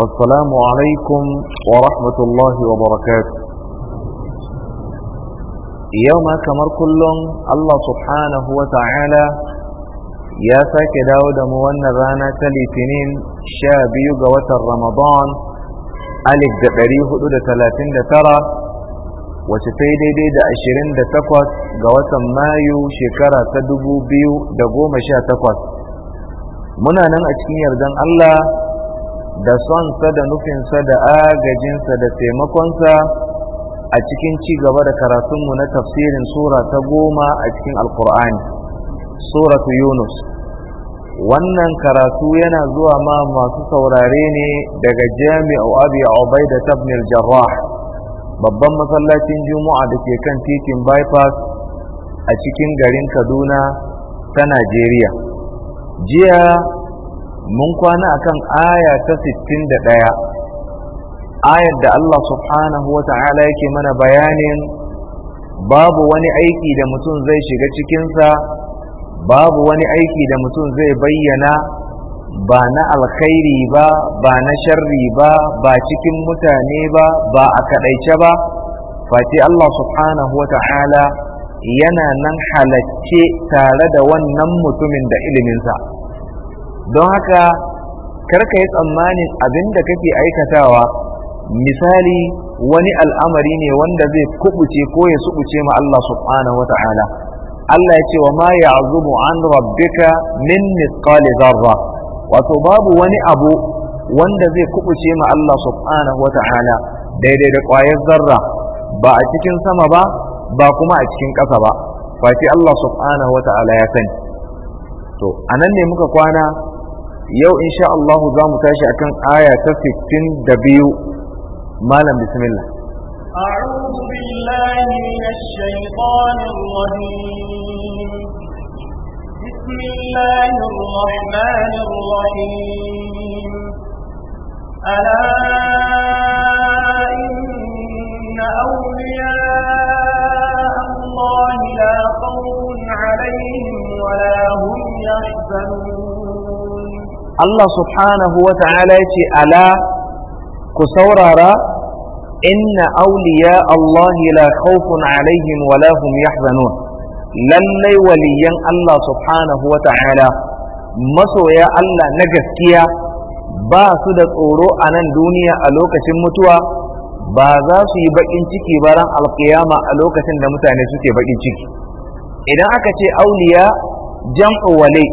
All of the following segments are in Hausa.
السلام عليكم ورحمة الله وبركاته يوم كمر كل الله سبحانه وتعالى يا فاك داود موانا رانا تلي تنين شابي قوة رمضان ألف دقري دودة ثلاثين دترى وشتي دي دي دا عشرين دتكوت قوة مايو شكرا تدبو بيو دقوم شا تكوت منا نن أتكين الله da sonsa da nufinsa da agajinsa da taimakonsa a cikin ci gaba da karatunmu na tafsirin sura ta goma a cikin alkur'ani suratu yunus wannan karatu yana zuwa ma masu saurare ne daga jami'u abi ubaida ibn jarrah babban masallacin juma'a da ke kan titin bypass a cikin garin kaduna ta najeriya jiya mun kwana akan aya ta 61 ayar da Allah subhanahu Ta'ala yake mana bayanin babu wani aiki da mutum zai shiga cikinsa babu wani aiki da mutum zai bayyana ba na alkhairi ba ba na sharri ba ba cikin mutane ba ba a kaɗaice ba Fati Allah subhanahu Ta'ala yana nan halacce tare da wannan mutumin da iliminsa. don haka karka yi tsammanin abin da kake aikatawa misali wani al'amari ne wanda zai kubuce ko ya subuce ma Allah subhanahu wa ta'ala Allah ya ce wa ma ya'zubu an rabbika min mithqali dharra wato babu wani abu wanda zai kubuce ma Allah subhanahu wa ta'ala daidai da ƙwayar zarra ba a cikin sama ba ba kuma a cikin ƙasa ba face Allah subhanahu wa ta'ala ya sani to anan ne muka kwana yau insha Allah za mu tashi akan aya ta 62 malam bismillah أعوذ بالله من الشيطان الرجيم بسم الله الرحمن الرحيم Allah subhanahu wa ta'ala ya ce ala ku saurara inna auliya Allah la khawfun alaihim wa la hum yahzanun lallai waliyan Allah subhanahu wa ta'ala masoya Allah na gaskiya ba su da tsoro a nan duniya a lokacin mutuwa ba za su yi baƙin ciki ba ran alkiyama a lokacin da mutane suke baƙin ciki idan aka ce auliya jam'u wali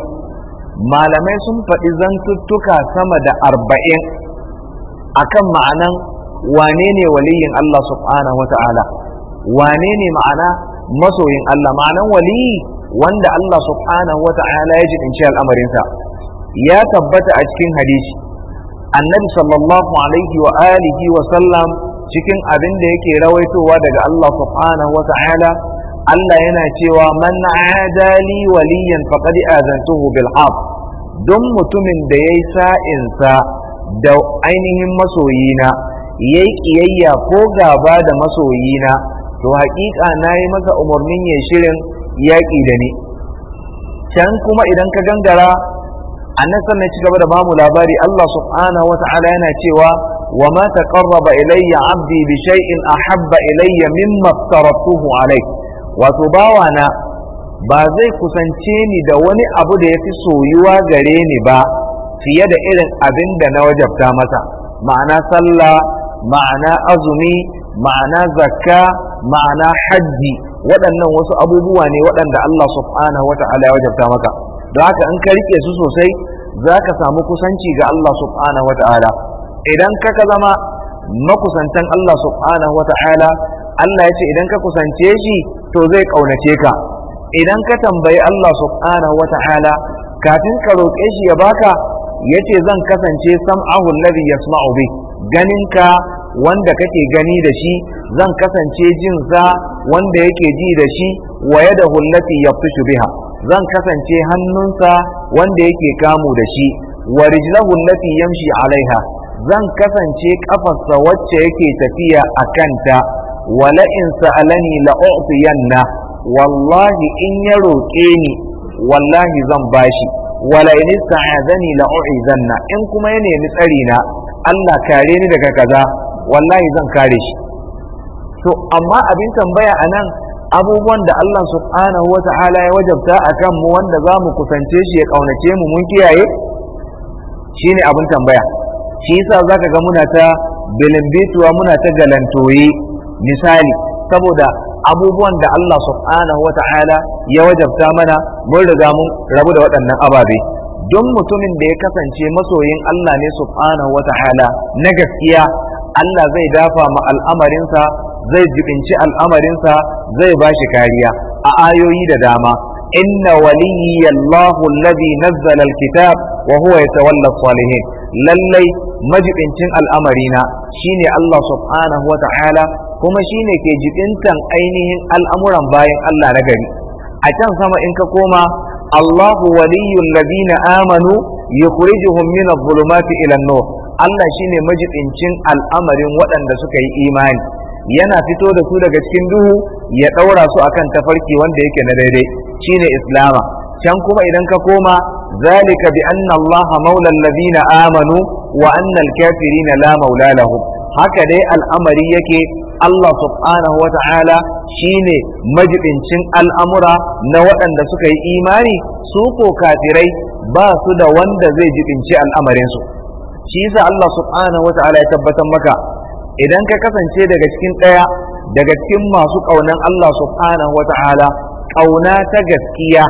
malamai sun faɗi zantuttuka sama da arba'in akan ma'anan wane ne waliyin Allah subhanahu wa ta'ala wane ne ma'ana masoyin Allah ma'anan waliyi wanda Allah subhanahu wa ta'ala ya jiɗinci al'amarinsa ya tabbata a cikin hadisi annabi sallallahu alaihi wa alihi wa sallam cikin abin da yake rawaitowa daga Allah subhanahu wa ta'ala Allah yana cewa man adali waliyan faqad azantuhu bil haq don mutumin da yayi sa'insa da ainihin masoyina yayi kiyayya ko gaba da masoyina to haƙiƙa na yi masa umarnin ya shirin yaƙi da ni can kuma idan ka gangara annan sannan ci gaba da bamu labari Allah subhanahu wa ta'ala yana cewa wa ma taqarraba ilayya 'abdi bi shay'in ahabba ilayya mimma aftaratuhu alayhi wato bawa na ba zai kusance ni da wani abu da ya fi soyuwa gare ni ba fiye da irin abin da na wajabta masa ma'ana sallah ma'ana azumi ma'ana zakka ma'ana hajji waɗannan wasu abubuwa ne waɗanda Allah subhanahu wa ta'ala ya wajabta maka don haka in ka rike su sosai za ka samu kusanci ga Allah subhanahu wa ta'ala idan ka ka zama makusantan Allah subhanahu wa ta'ala Allah ya ce idan ka kusance shi to zai ƙaunace ka idan ka tambayi Allah subhanahu wa kafin ka roƙe shi ya baka ya ce zan kasance sam'ahu alladhi yasma'u bi ka wanda kake gani da shi zan kasance jinsa wanda yake ji da shi wa yadahu allati yabtishu biha zan kasance hannunsa wanda yake kamu da shi wa rijlahu allati yamshi alaiha zan kasance kafarsa wacce yake tafiya a kanta wala in sa'alani la u'tiyanna wallahi in ya roƙe ni wallahi zan bashi wala in sa'azani la u'izanna in kuma yana ni tsari na Allah kare ni daga kaza wallahi zan kare shi to amma abin tambaya anan abubuwan da Allah subhanahu wata'ala ya wajabta akan mu wanda za mu kusance shi ya kaunace mu mun kiyaye shine abin tambaya shi yasa zaka ga muna ta bilimbituwa muna ta galantoyi misali saboda abubuwan da Allah subhanahu wa ta'ala ya wajabta mana mun riga mun rabu da waɗannan ababe don mutumin da ya kasance masoyin Allah ne subhanahu wa ta'ala na gaskiya Allah zai dafa ma al'amarinsa zai jibinci al'amarinsa zai ba shi kariya a ayoyi da dama inna waliyyi Allahu alladhi nazzala alkitab wa huwa yatawalla salihin lallai majibincin al'amarina shine Allah subhanahu wa ta'ala kuma shine ke jikintan ainihin al'amuran bayan Allah na gari a can sama in ka koma Allahu Waliyyun, ladina amanu yukhrijuhum min adh-dhulumati ila an-nur Allah shine majibincin al'amarin waɗanda suka yi imani yana fito da su daga cikin duhu ya ɗaura su akan tafarki wanda yake na daidai shine islama can kuma idan ka koma zalika bi anna Allah maula alladhina amanu Wa'annan kafiri na la maulalahu, haka dai al'amari yake Allah subhanahu wata'ala shine majibincin al'amura na waɗanda suka yi imani su ko kafirai ba su da wanda zai jibinci al'amarinsu shi yasa Allah subhanahu wata'ala ya tabbatar maka idan ka kasance daga cikin ɗaya daga cikin masu ƙaunan Allah subhanahu wata'ala ƙauna ta gaskiya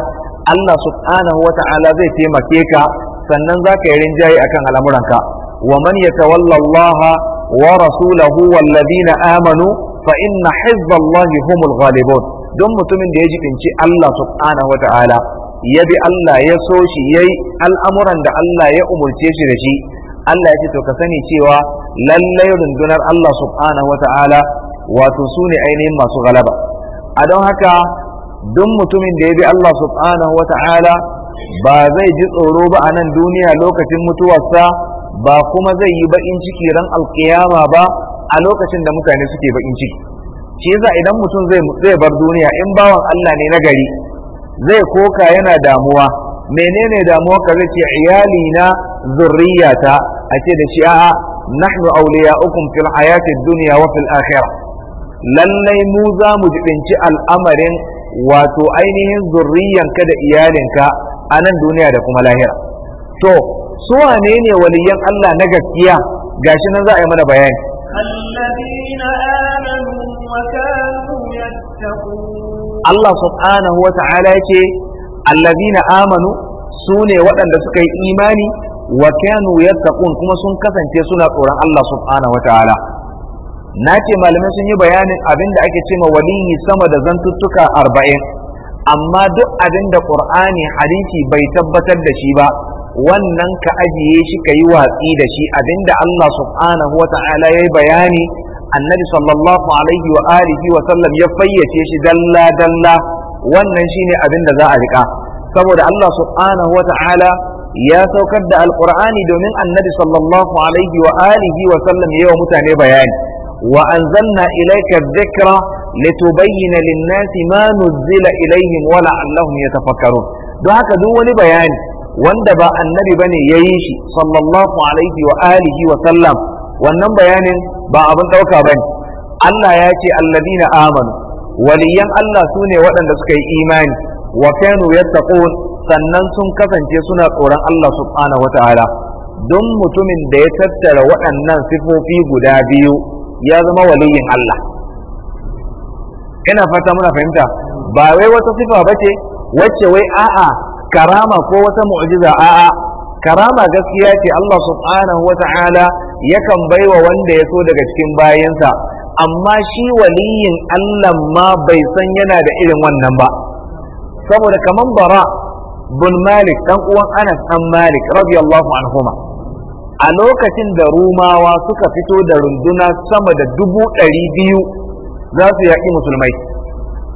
Allah subhanahu wata'ala zai taimake ka sannan za ka yi rinjaye akan al'amuranka wa man yatawalla Allah wa rasulahu wallazina amanu fa inna hizballahi humul ghalibun don mutumin da ya jibinci Allah subhanahu ta'ala ya bi Allah ya so shi yayi al'amuran da Allah ya umurce shi da shi Allah ya ce to ka sani cewa lallai rundunar Allah subhanahu ta'ala wato su ne ainihin masu galaba a don haka duk mutumin da ya bi Allah subhanahu ta'ala. ba zai ji tsoro ba a nan duniya lokacin mutuwarsa ba kuma zai yi baƙin ciki ran alƙiyama ba a lokacin da mutane suke baƙin ciki shi yasa idan mutum zai bar duniya in bawan Allah ne na gari zai koka yana damuwa menene damuwa ka zai ce iyali na zurriyata a ce da shi a'a nahnu ukun fil hayati dunya wa fil akhirah lallai mu za mu jibinci al'amarin wato ainihin zurriyanka da iyalinka a nan duniya da kuma lahira to su wane ne waliyan Allah na gaskiya gashi nan za a yi mana bayani Allah subhanahu wa ta'ala yake allazina amanu su ne waɗanda suka yi imani wa kanu yattaqun kuma sun kasance suna tsoron Allah subhanahu wa ta'ala na ce malamai sun yi bayanin abin da ake cewa waliyi sama da zantuttuka arba'in amma duk abin da qur'ani hadisi bai tabbatar da shi ba wannan ka ajiye shi ka yi watsi da shi abinda Allah subhanahu wa ta'ala ya yi bayani annabi sallallahu alaihi wa alihi wa sallam ya fayyace shi dalla dalla wannan shine abin da za a rika saboda Allah subhanahu wa ta'ala ya saukar da alqur'ani domin annabi sallallahu alaihi wa alihi wa sallam ya yi wa mutane bayani wa anzalna ilayka dhikra litubayyana lin-nasi ma nuzila ilaihim wa la'allahum yatafakkarun don haka duk wani bayani wanda ba annabi bane yayi shi sallallahu alaihi wa wa sallam wannan bayanin ba abin dauka bane Allah ya ce alladina amanu waliyan Allah sune waɗanda suka yi imani wa kanu yattaqun sannan sun kasance suna tsoron Allah subhanahu don mutumin da ya tattara waɗannan sifofi guda biyu ya zama waliyin Allah ina fata muna fahimta ba wai wata sifa ba ce? wacce wai a'a karama ko wata mu'jiza a'a karama gaskiya ce Allah subhanahu wa ta'ala yakan baiwa wanda ya so daga cikin bayansa amma shi waliyin Allah ma bai san yana da irin wannan ba saboda kaman bara bin malik dan uwan anas dan malik radiyallahu anhuma a lokacin da rumawa suka fito da runduna sama da dubu ɗari biyu za su yaƙi musulmai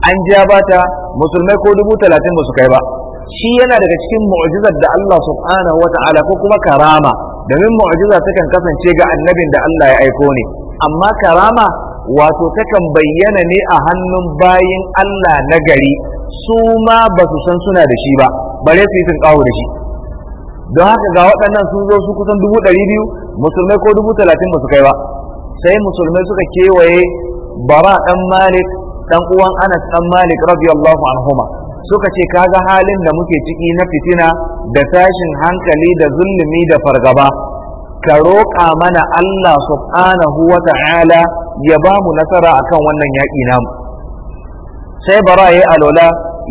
an ja bata musulmai ko dubu talatin ba su kai ba shi yana daga cikin mu'jizar da Allah subhanahu wa ta'ala ko kuma karama domin mu'jiza takan kasance ga annabin da Allah ya aiko ne amma karama wato takan bayyana ne a hannun bayin Allah na gari su ma ba su san suna da shi ba bare su yi sun kawo da shi don haka ga waɗannan sun zo su kusan dubu ɗari biyu musulmai ko dubu talatin ba su kai ba sai musulmai suka kewaye bara dan malik ɗan uwan anas ɗan malik radiyallahu anhuma suka ce kaga halin da muke ciki na fitina da tashin hankali da zulumi da fargaba ka roƙa mana Allah subhanahu wa ta'ala ya ba mu nasara akan wannan yaƙi namu sai bara ya alola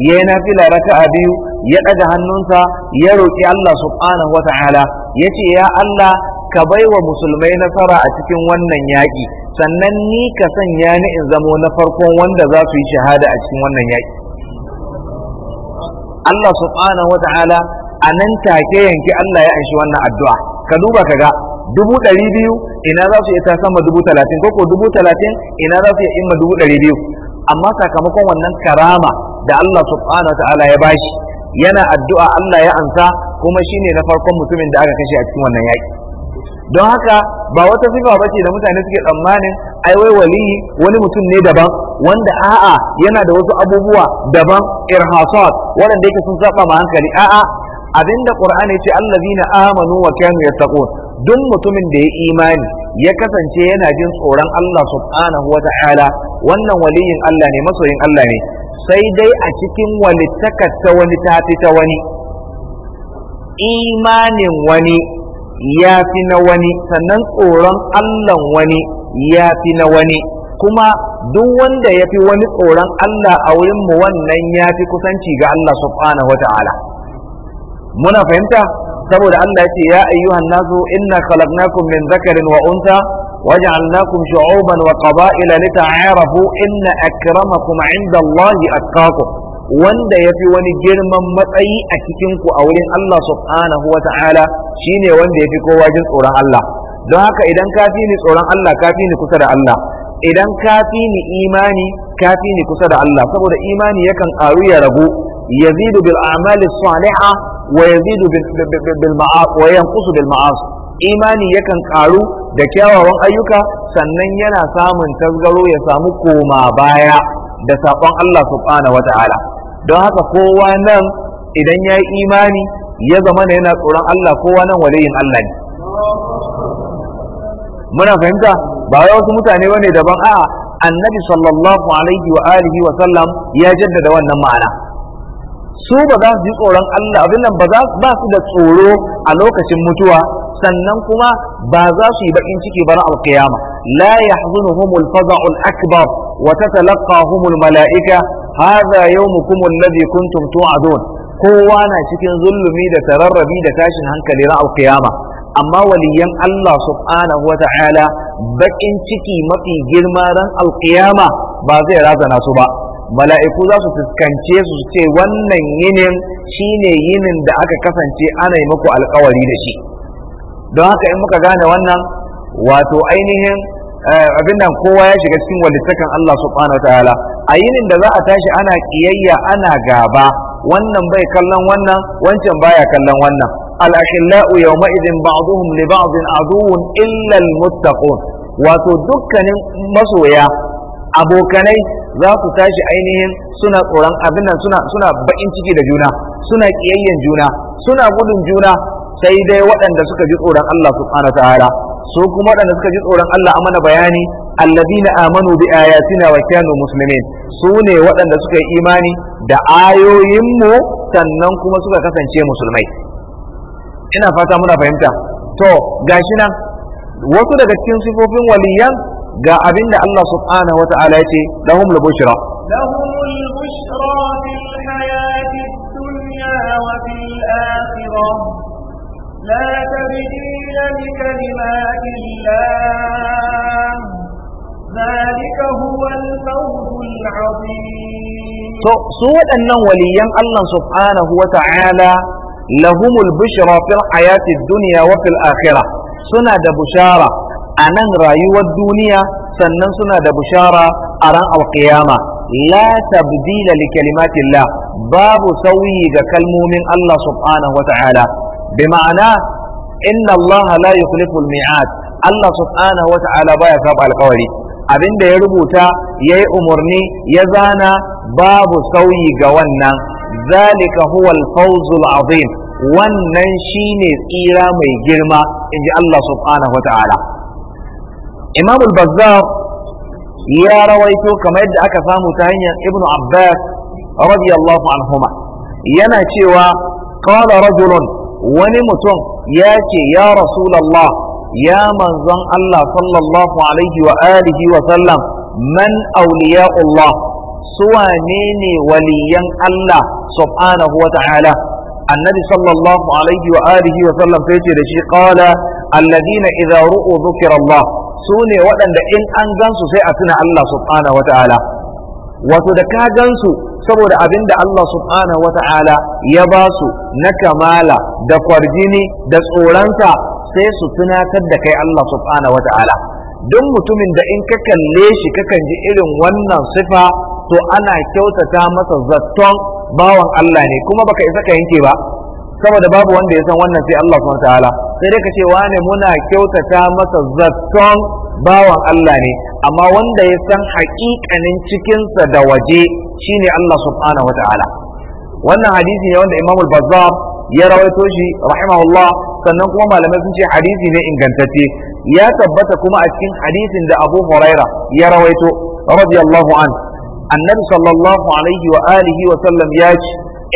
ya yi nafila raka'a biyu ya ɗaga hannunsa ya roƙi Allah subhanahu wa ta'ala ya ce ya Allah ka baiwa musulmai nasara a cikin wannan yaƙi sannan ni ka sanya ni in zamo na farkon wanda za su yi shahada a cikin wannan yaƙi Allah subhanahu wa ta'ala a nan take yanki Allah ya aishi wannan addu'a ka duba ka ga dubu ɗari biyu ina za su iya ta sama dubu talatin ko ko dubu talatin ina za su iya imma dubu ɗari biyu amma sakamakon wannan karama da Allah subhanahu wa ta'ala ya bashi yana addu'a Allah ya ansa kuma shine na farkon mutumin da aka kashe a cikin wannan yaƙi don haka ba wata sifa ce da mutane suke tsammanin ai wai waliyi wani mutum ne daban wanda a'a yana da wasu abubuwa daban irhasat waɗanda yake sun saba ma hankali a'a abinda qur'ani ce allazina amanu wa kanu yattaqun duk mutumin da ya imani ya kasance yana jin tsoron Allah subhanahu wa ta'ala wannan waliyin Allah ne masoyin Allah ne sai dai a cikin walittaka ta wani ta fi ta wani imanin wani ya fi na wani sannan tsoron Allah wani ya fi na wani kuma duk wanda ya fi wani tsoron Allah a wurin mu wannan ya fi kusanci ga Allah subhanahu wa ta'ala muna fahimta saboda Allah ce ya ayyuhan nasu inna khalaqnakum min dhakarin wa unsa waj'alnakum shu'uban wa qaba'ila lita'arafu inna akramakum 'inda Allahi atqakum wanda ya fi wani girman matsayi a cikinku a wurin Allah subhanahu wa ta'ala shi ne wanda ya fi kowa jin tsoron Allah don haka idan ka fi ni tsoron Allah ka fi ni kusa da Allah idan ka fi ni imani ka fi ni kusa da Allah saboda imani yakan ƙaru ya ragu yazidu bil a'mali saliha wa yazidu bil wa yanqusu bil imani yakan ƙaru da kyawawan ayyuka sannan yana samun tasgaro ya samu koma baya da saƙon Allah subhanahu ta'ala). don haka kowa nan idan ya yi imani ya zama na yana tsoron Allah kowa nan waliyin Allah ne muna fahimta ba wai wasu mutane bane daban a annabi sallallahu alaihi wa alihi wa sallam ya jaddada wannan ma'ana su ba za su ji tsoron Allah abin nan ba za ba su da tsoro a lokacin mutuwa sannan kuma ba za su yi bakin ciki ba na alkiyama la yahzunuhumul faza'ul akbar wa tatalaqahumul mala'ika hadha yawmukum alladhi kuntum tu'adun kowa na cikin zulumi da tararrabi da tashin hankali ra'al qiyama amma waliyan Allah subhanahu wa ta'ala bakin ciki mafi girma ran alkiyama ba zai razana su ba mala'iku za su fuskance su ce wannan yinin shine yinin da aka kasance ana yi muku alkawari da shi don haka in muka gane wannan wato ainihin abin nan kowa ya shiga cikin walittakan Allah subhanahu wa ta'ala a yinin da za a tashi ana kiyayya ana gaba wannan bai kallon wannan wancan baya kallon wannan al-ashillau yawma idhin ba'dhum li ba'dhin aduwwun illa al wato dukkanin masoya abokanai za su tashi ainihin suna tsoron abin nan suna suna bakin ciki da juna suna kiyayyen juna suna gudun juna sai dai waɗanda suka ji tsoron Allah subhanahu wa ta'ala Su kuma waɗanda suka ji tsoron Allah amana bayani alladina amanu bi ayatina wa kanu muslimin su ne waɗanda suka yi imani da ayoyinmu sannan kuma suka kasance musulmai ina fata muna fahimta to gashi nan wasu daga cikin sifofin waliyan ga abin da Allah subhanahu wa ta'ala ya ce lahum al lahum al fil hayati dunya wa fil akhirah لا تبديل لكلمات الله ذلك هو الفوز العظيم to su waɗannan waliyan Allah subhanahu wa ta'ala lahumul bushra fil hayatid duniya wa fil akhira suna da bushara a nan rayuwar duniya sannan suna da bushara a ran alqiyama la tabdila li kalimatillah babu sauyi ga kalmomin Allah subhanahu wa ta'ala bi ma'ana inna Allah la yukhlifu al-mi'ad Allah subhanahu wa ta'ala baya saba alƙawari abinda ya rubuta yayi umarni ya zana babu sauyi ga wannan zalika huwa al-fawz azim wannan shine tsira mai girma inji Allah subhanahu wa ta'ala Imam al-Bazzar ya rawaito kamar yadda aka samu ta hanyar Ibn Abbas radiyallahu anhuma yana cewa qala rajulun wani mutum ya ce ya rasulallah ya manzon Allah sallallahu alaihi wa alihi wa sallam man awliya'ullah suwane ne waliyan Allah subhanahu wa ta'ala annabi sallallahu alaihi wa alihi wa sallam sai ce da shi qala alladhina idza ru'u dhukira Allah sune waɗanda in an gansu sai a tuna Allah subhanahu wa ta'ala wato da ka gansu saboda abin da Allah subhanahu ta'ala ya ba su na kamala da kwarjini da tsoronsa sai su tunatar da kai Allah subhanahu ta'ala. duk mutumin da in ka kalle shi kakan ji irin wannan sifa to ana kyautata masa zaton bawan Allah ne kuma baka isa ka yanke ba saboda babu wanda ya san wannan sai Allah subhanahu ta'ala. sai dai ka ce wane muna kyautata masa zaton bawan Allah ne amma wanda ya san haƙiƙanin cikinsa da waje ne Allah subhanahu wa ta'ala wannan hadisi ne wanda imamul bazzar ya rawaito shi rahimahullah sannan kuma malamai sun ce hadisi ne ingantacce ya tabbata kuma a cikin hadisin da Abu Huraira ya rawaito radiyallahu an annabi sallallahu alaihi wa alihi wa sallam ya ce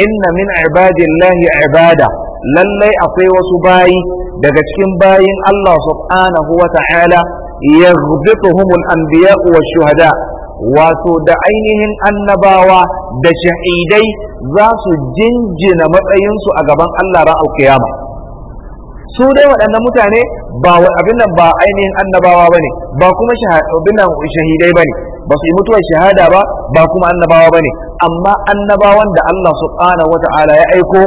inna min ibadillahi ibada lallai akwai wasu bayi daga cikin bayin Allah subhanahu wa ta'ala yaghbituhumul anbiya'u wash-shuhada' wato da ainihin annabawa da shahidai za su jinjina matsayinsu a gaban Allah ra alkiyama su dai waɗannan mutane ba abin nan ba ainihin annabawa ba ne ba kuma shahidai ba ne ba su yi mutuwar shahada ba ba kuma annabawa ba ne amma annabawan da Allah subhanahu Ta'ala ya aiko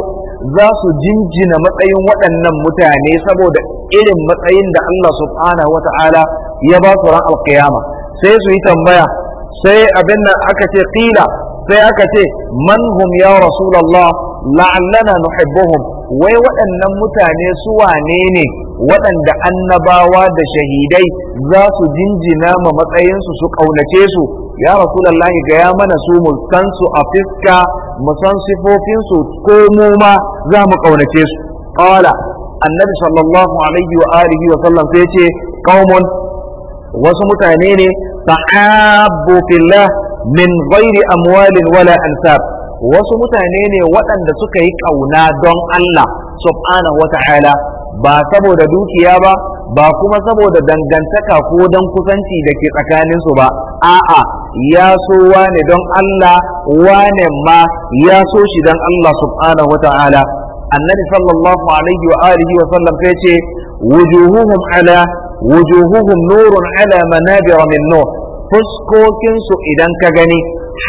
za su jinjina matsayin waɗannan mutane saboda irin matsayin da Allah subhanahu Ta'ala ya ba su ran alkiyama sai su yi tambaya sai abin nan aka ce qila sai aka ce man hum ya rasulullah la'allana nuhibbuhum wai waɗannan mutane su wane ne waɗanda annabawa da shahidai za su jinjina ma matsayinsu su ƙaunace su ya rasulullah gaya mana su mu san su a fiska mu san sifofinsu ko mu ma za mu ƙaunace su qala annabi sallallahu alaihi wa alihi wa sallam sai ce qaumun wasu mutane ne tahabbu fillah min ghairi amwalin wala ansab wasu mutane ne waɗanda suka yi ƙauna don Allah subhanahu wata'ala ba saboda dukiya ba ba kuma saboda dangantaka ko don kusanci da ke tsakaninsu ba a'a ya so wane don Allah wane ma ya so shi don Allah subhanahu wata'ala annabi sallallahu alaihi wa alihi wa sallam sai ce wujuhuhum ala wujuhuhum nurun ala manabira min nur fuskokin su idan ka gani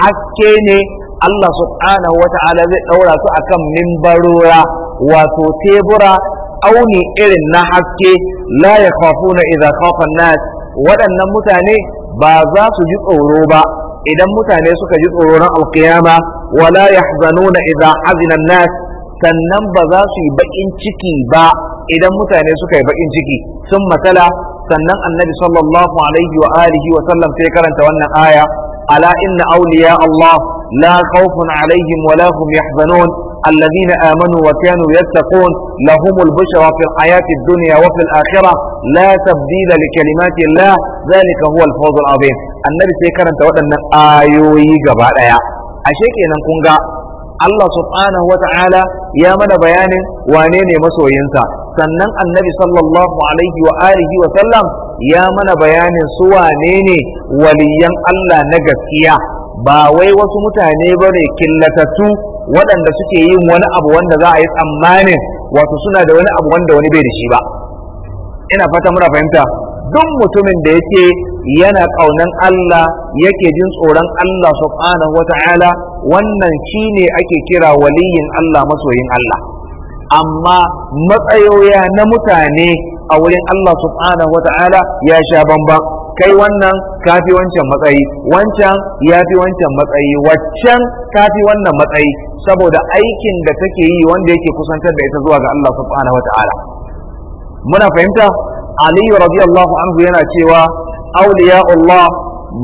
haske ne Allah subhanahu wa ta'ala zai daura su akan mimbarora wato tebura auni irin na haske la yakhafuna idza khafa nas waɗannan mutane ba za su ji tsoro ba idan mutane suka ji tsoro na alkiyama wala yahzanuna idza hazina nas sannan ba za su yi bakin ciki ba idan mutane suka yi bakin ciki sun matsala sannan annabi sallallahu alaihi wa alihi wa sallam sai karanta wannan aya ala inna awliya Allah la khawfun alaihim wa la hum yahzanun الذين آمنوا وكانوا يتقون لهم البشرى في الحياة الدنيا وفي الآخرة لا تبديل لكلمات الله ذلك هو الفوز العظيم النبي sai karanta waɗannan ayoyi gaba ɗaya ashe kenan kun ga Allah subhanahu wa ta'ala ya mana bayanin wane ne masoyinsa sannan annabi sallallahu alaihi wa alihi wa sallam ya mana bayanin su wane ne waliyan Allah na gaskiya ba wai wasu mutane ba ne killatattu waɗanda suke yin wani abu wanda za a yi tsammanin wato suna da wani abu wanda wani bai da shi ba ina fata muna fahimta duk mutumin da yake yana ƙaunan Allah yake jin tsoron Allah subhanahu wata'ala wannan shi ne ake kira waliyin Allah masoyin Allah amma matsayoya na mutane a wurin Allah subhanahu wata'ala ya sha bamban kai wannan kafi wancan matsayi wancan ya fi wancan matsayi waccan kafi wannan matsayi saboda aikin da take yi wanda yake kusantar da ita zuwa ga Allah subhanahu wata'ala muna fahimta Ali radiyallahu anhu yana cewa awliya Allah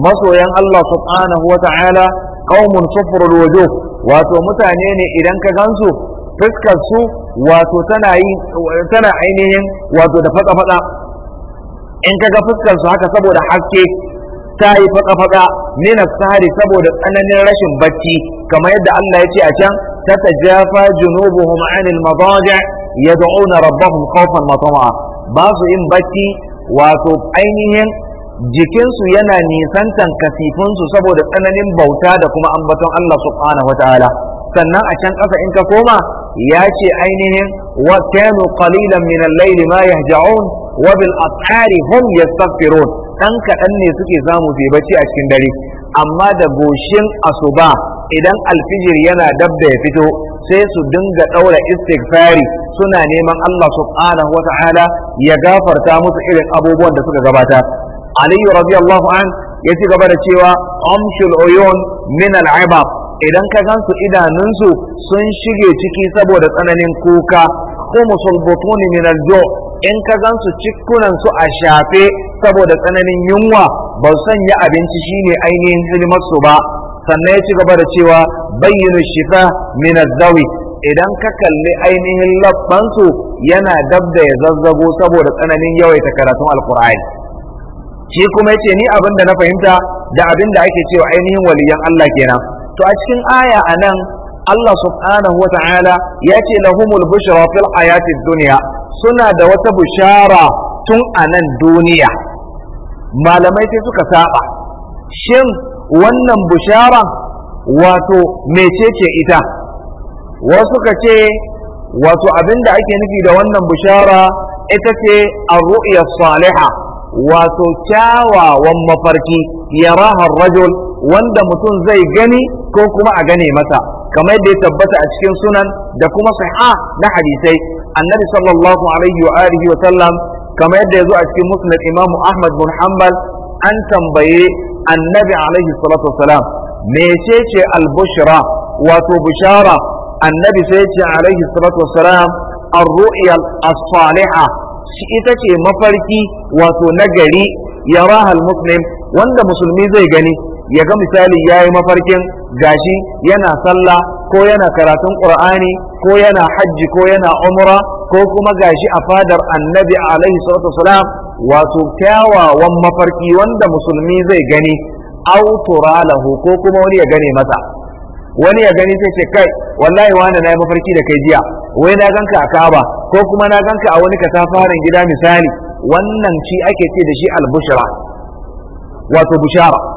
masoyan Allah subhanahu wata'ala qaumun sufrul wujuh wato mutane ne idan ka gansu fuskar su wato tana yi tana ainihin wato da faka faka in kaga fuskar su haka saboda haske ta yi faka faka min sahari saboda tsananin rashin bacci kamar yadda Allah ya ce a can tatajafa junubuhum anil madaji yad'una rabbahum khawfan wa tama'a ba su in bacci wato ainihin jikinsu yana nisantan kasifinsu saboda tsananin bauta da kuma ambaton Allah subhanahu sannan a can ƙasa in ka koma ya ce ainihin wa kanu qalilan min al-layli ma yahja'un Wabil bil asari hum yastaghfirun dan kaɗan ne suke samu su a cikin dare amma da goshin asuba idan alfijir yana dab da ya fito sai su dinga ɗaura istikfari suna neman Allah subhanahu wa ta'ala ya gafarta musu irin abubuwan da suka gabata aliyu radiyallahu an ya ci gaba da cewa amshul uyun min al-ibab idan ka gansu idanunsu sun shige ciki saboda tsananin kuka humusul ne min aljo in ka gansu cikunan su a shafe saboda tsananin yunwa ba sanya abinci shine ainihin hidimar su ba sannan ya ci gaba da cewa bayyana shifa min azawi idan ka kalli ainihin labbansu yana dab da ya zazzago saboda tsananin yawaita karatun alkur'ani shi kuma yace ni abinda na fahimta da abin da ake cewa ainihin waliyan Allah kenan to a cikin aya nan, Allah subhanahu wa ta'ala ya ce lahumul bushra fil hayati dunya suna da wata bushara tun a nan duniya malamai sai suka saba shin wannan bushara wato mecece ita wasu suka ce wato abinda ake nufi da wannan bushara ita ce ar-ru'ya salihah wato kyawawan mafarki ya rahar rajul wanda mutum zai gani ko kuma a gane masa kamar yadda ya tabbata a cikin sunan da kuma sahha na hadisai annabi sallallahu alaihi wa alihi wa sallam kamar yadda ya zo a cikin musnad imam ahmad bin hanbal an tambaye annabi alaihi salatu wasalam mecece albushra wato bushara annabi sai ce alaihi salatu wasalam ar-ru'ya as-salihah shi ita ce mafarki wato nagari ya rahal wanda musulmi zai gani ya ga misali ya yi mafarkin gashi yana sallah ko yana karatun qur'ani ko yana hajji ko yana umra ko kuma gashi a fadar annabi alaihi salatu wasalam wato kyawawan mafarki wanda musulmi zai gani autura lahu ko kuma wani ya gane masa wani ya gani sai ce kai wallahi wani na yi mafarki da kai jiya wai na ganka a kaba ko kuma na ganka a wani katafaren gida misali wannan shi ake ce da shi albushra wato bushara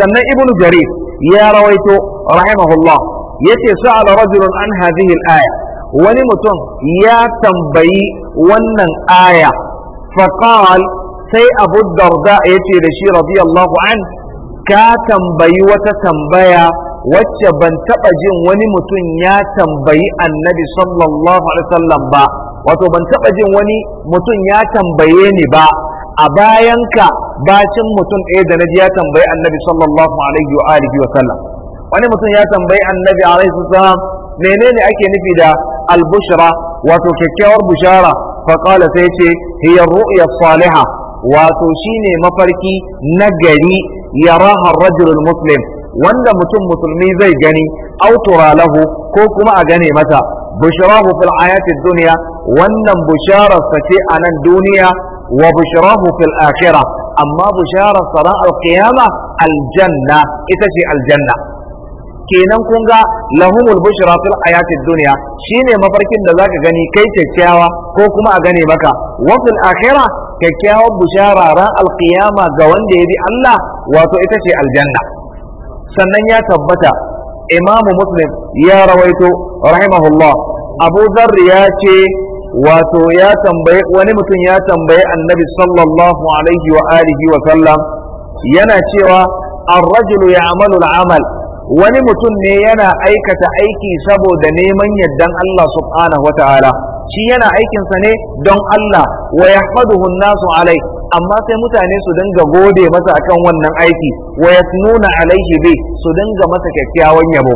sannan ibn jarir ya rawaito rahimahullah yace sa'ala rajulun an hadhihi al-aya wani mutum ya tambayi wannan aya faqal sai abu darda yace da shi radiyallahu an ka tambayi wata tambaya wacce ban taba jin wani mutum ya tambayi annabi sallallahu alaihi wasallam ba wato ban taba jin wani mutum ya tambaye ni ba a bayanka bacin mutum ɗaya da ji ya tambayi annabi sallallahu alaihi wa alihi wa sallam wani mutum ya tambayi annabi alaihi wasallam menene ake nufi da albushra wato kyakkyawar bushara fa qala sai ce hiya ru'ya wato shine mafarki gari yaraha ar-rajulul muslim wanda mutum musulmi zai gani autura lahu ko kuma a gane mata bushrahu fil ayatid dunya wannan bushararsa ce a nan duniya wa bushrahu fil akhirah amma bisharar saran alkiyama? aljanna ita ce aljanna kenan kun ga lahumul bushra fil hayatid dunya shine mafarkin da zaka gani kai kyakkyawa ko kuma a gane maka wa fil akhirah kyakkyawar bushara ran alqiyama ga wanda ya bi Allah wato ita ce aljanna sannan ya tabbata imamu muslim ya rawaito rahimahullah abu dharr ya ce wato ya tambaye wani mutum ya tambaye annabi sallallahu alaihi wa alihi wa sallam yana cewa ar-rajulu ya'malu al-amal wani mutum ne yana aikata aiki saboda neman yardan Allah subhanahu wataala shi yana aikinsa ne don Allah wa yahmaduhu an-nasu alai amma sai mutane su dinga gode masa akan wannan aiki wa yasnuna alaihi bi su dinga masa kyakkyawan yabo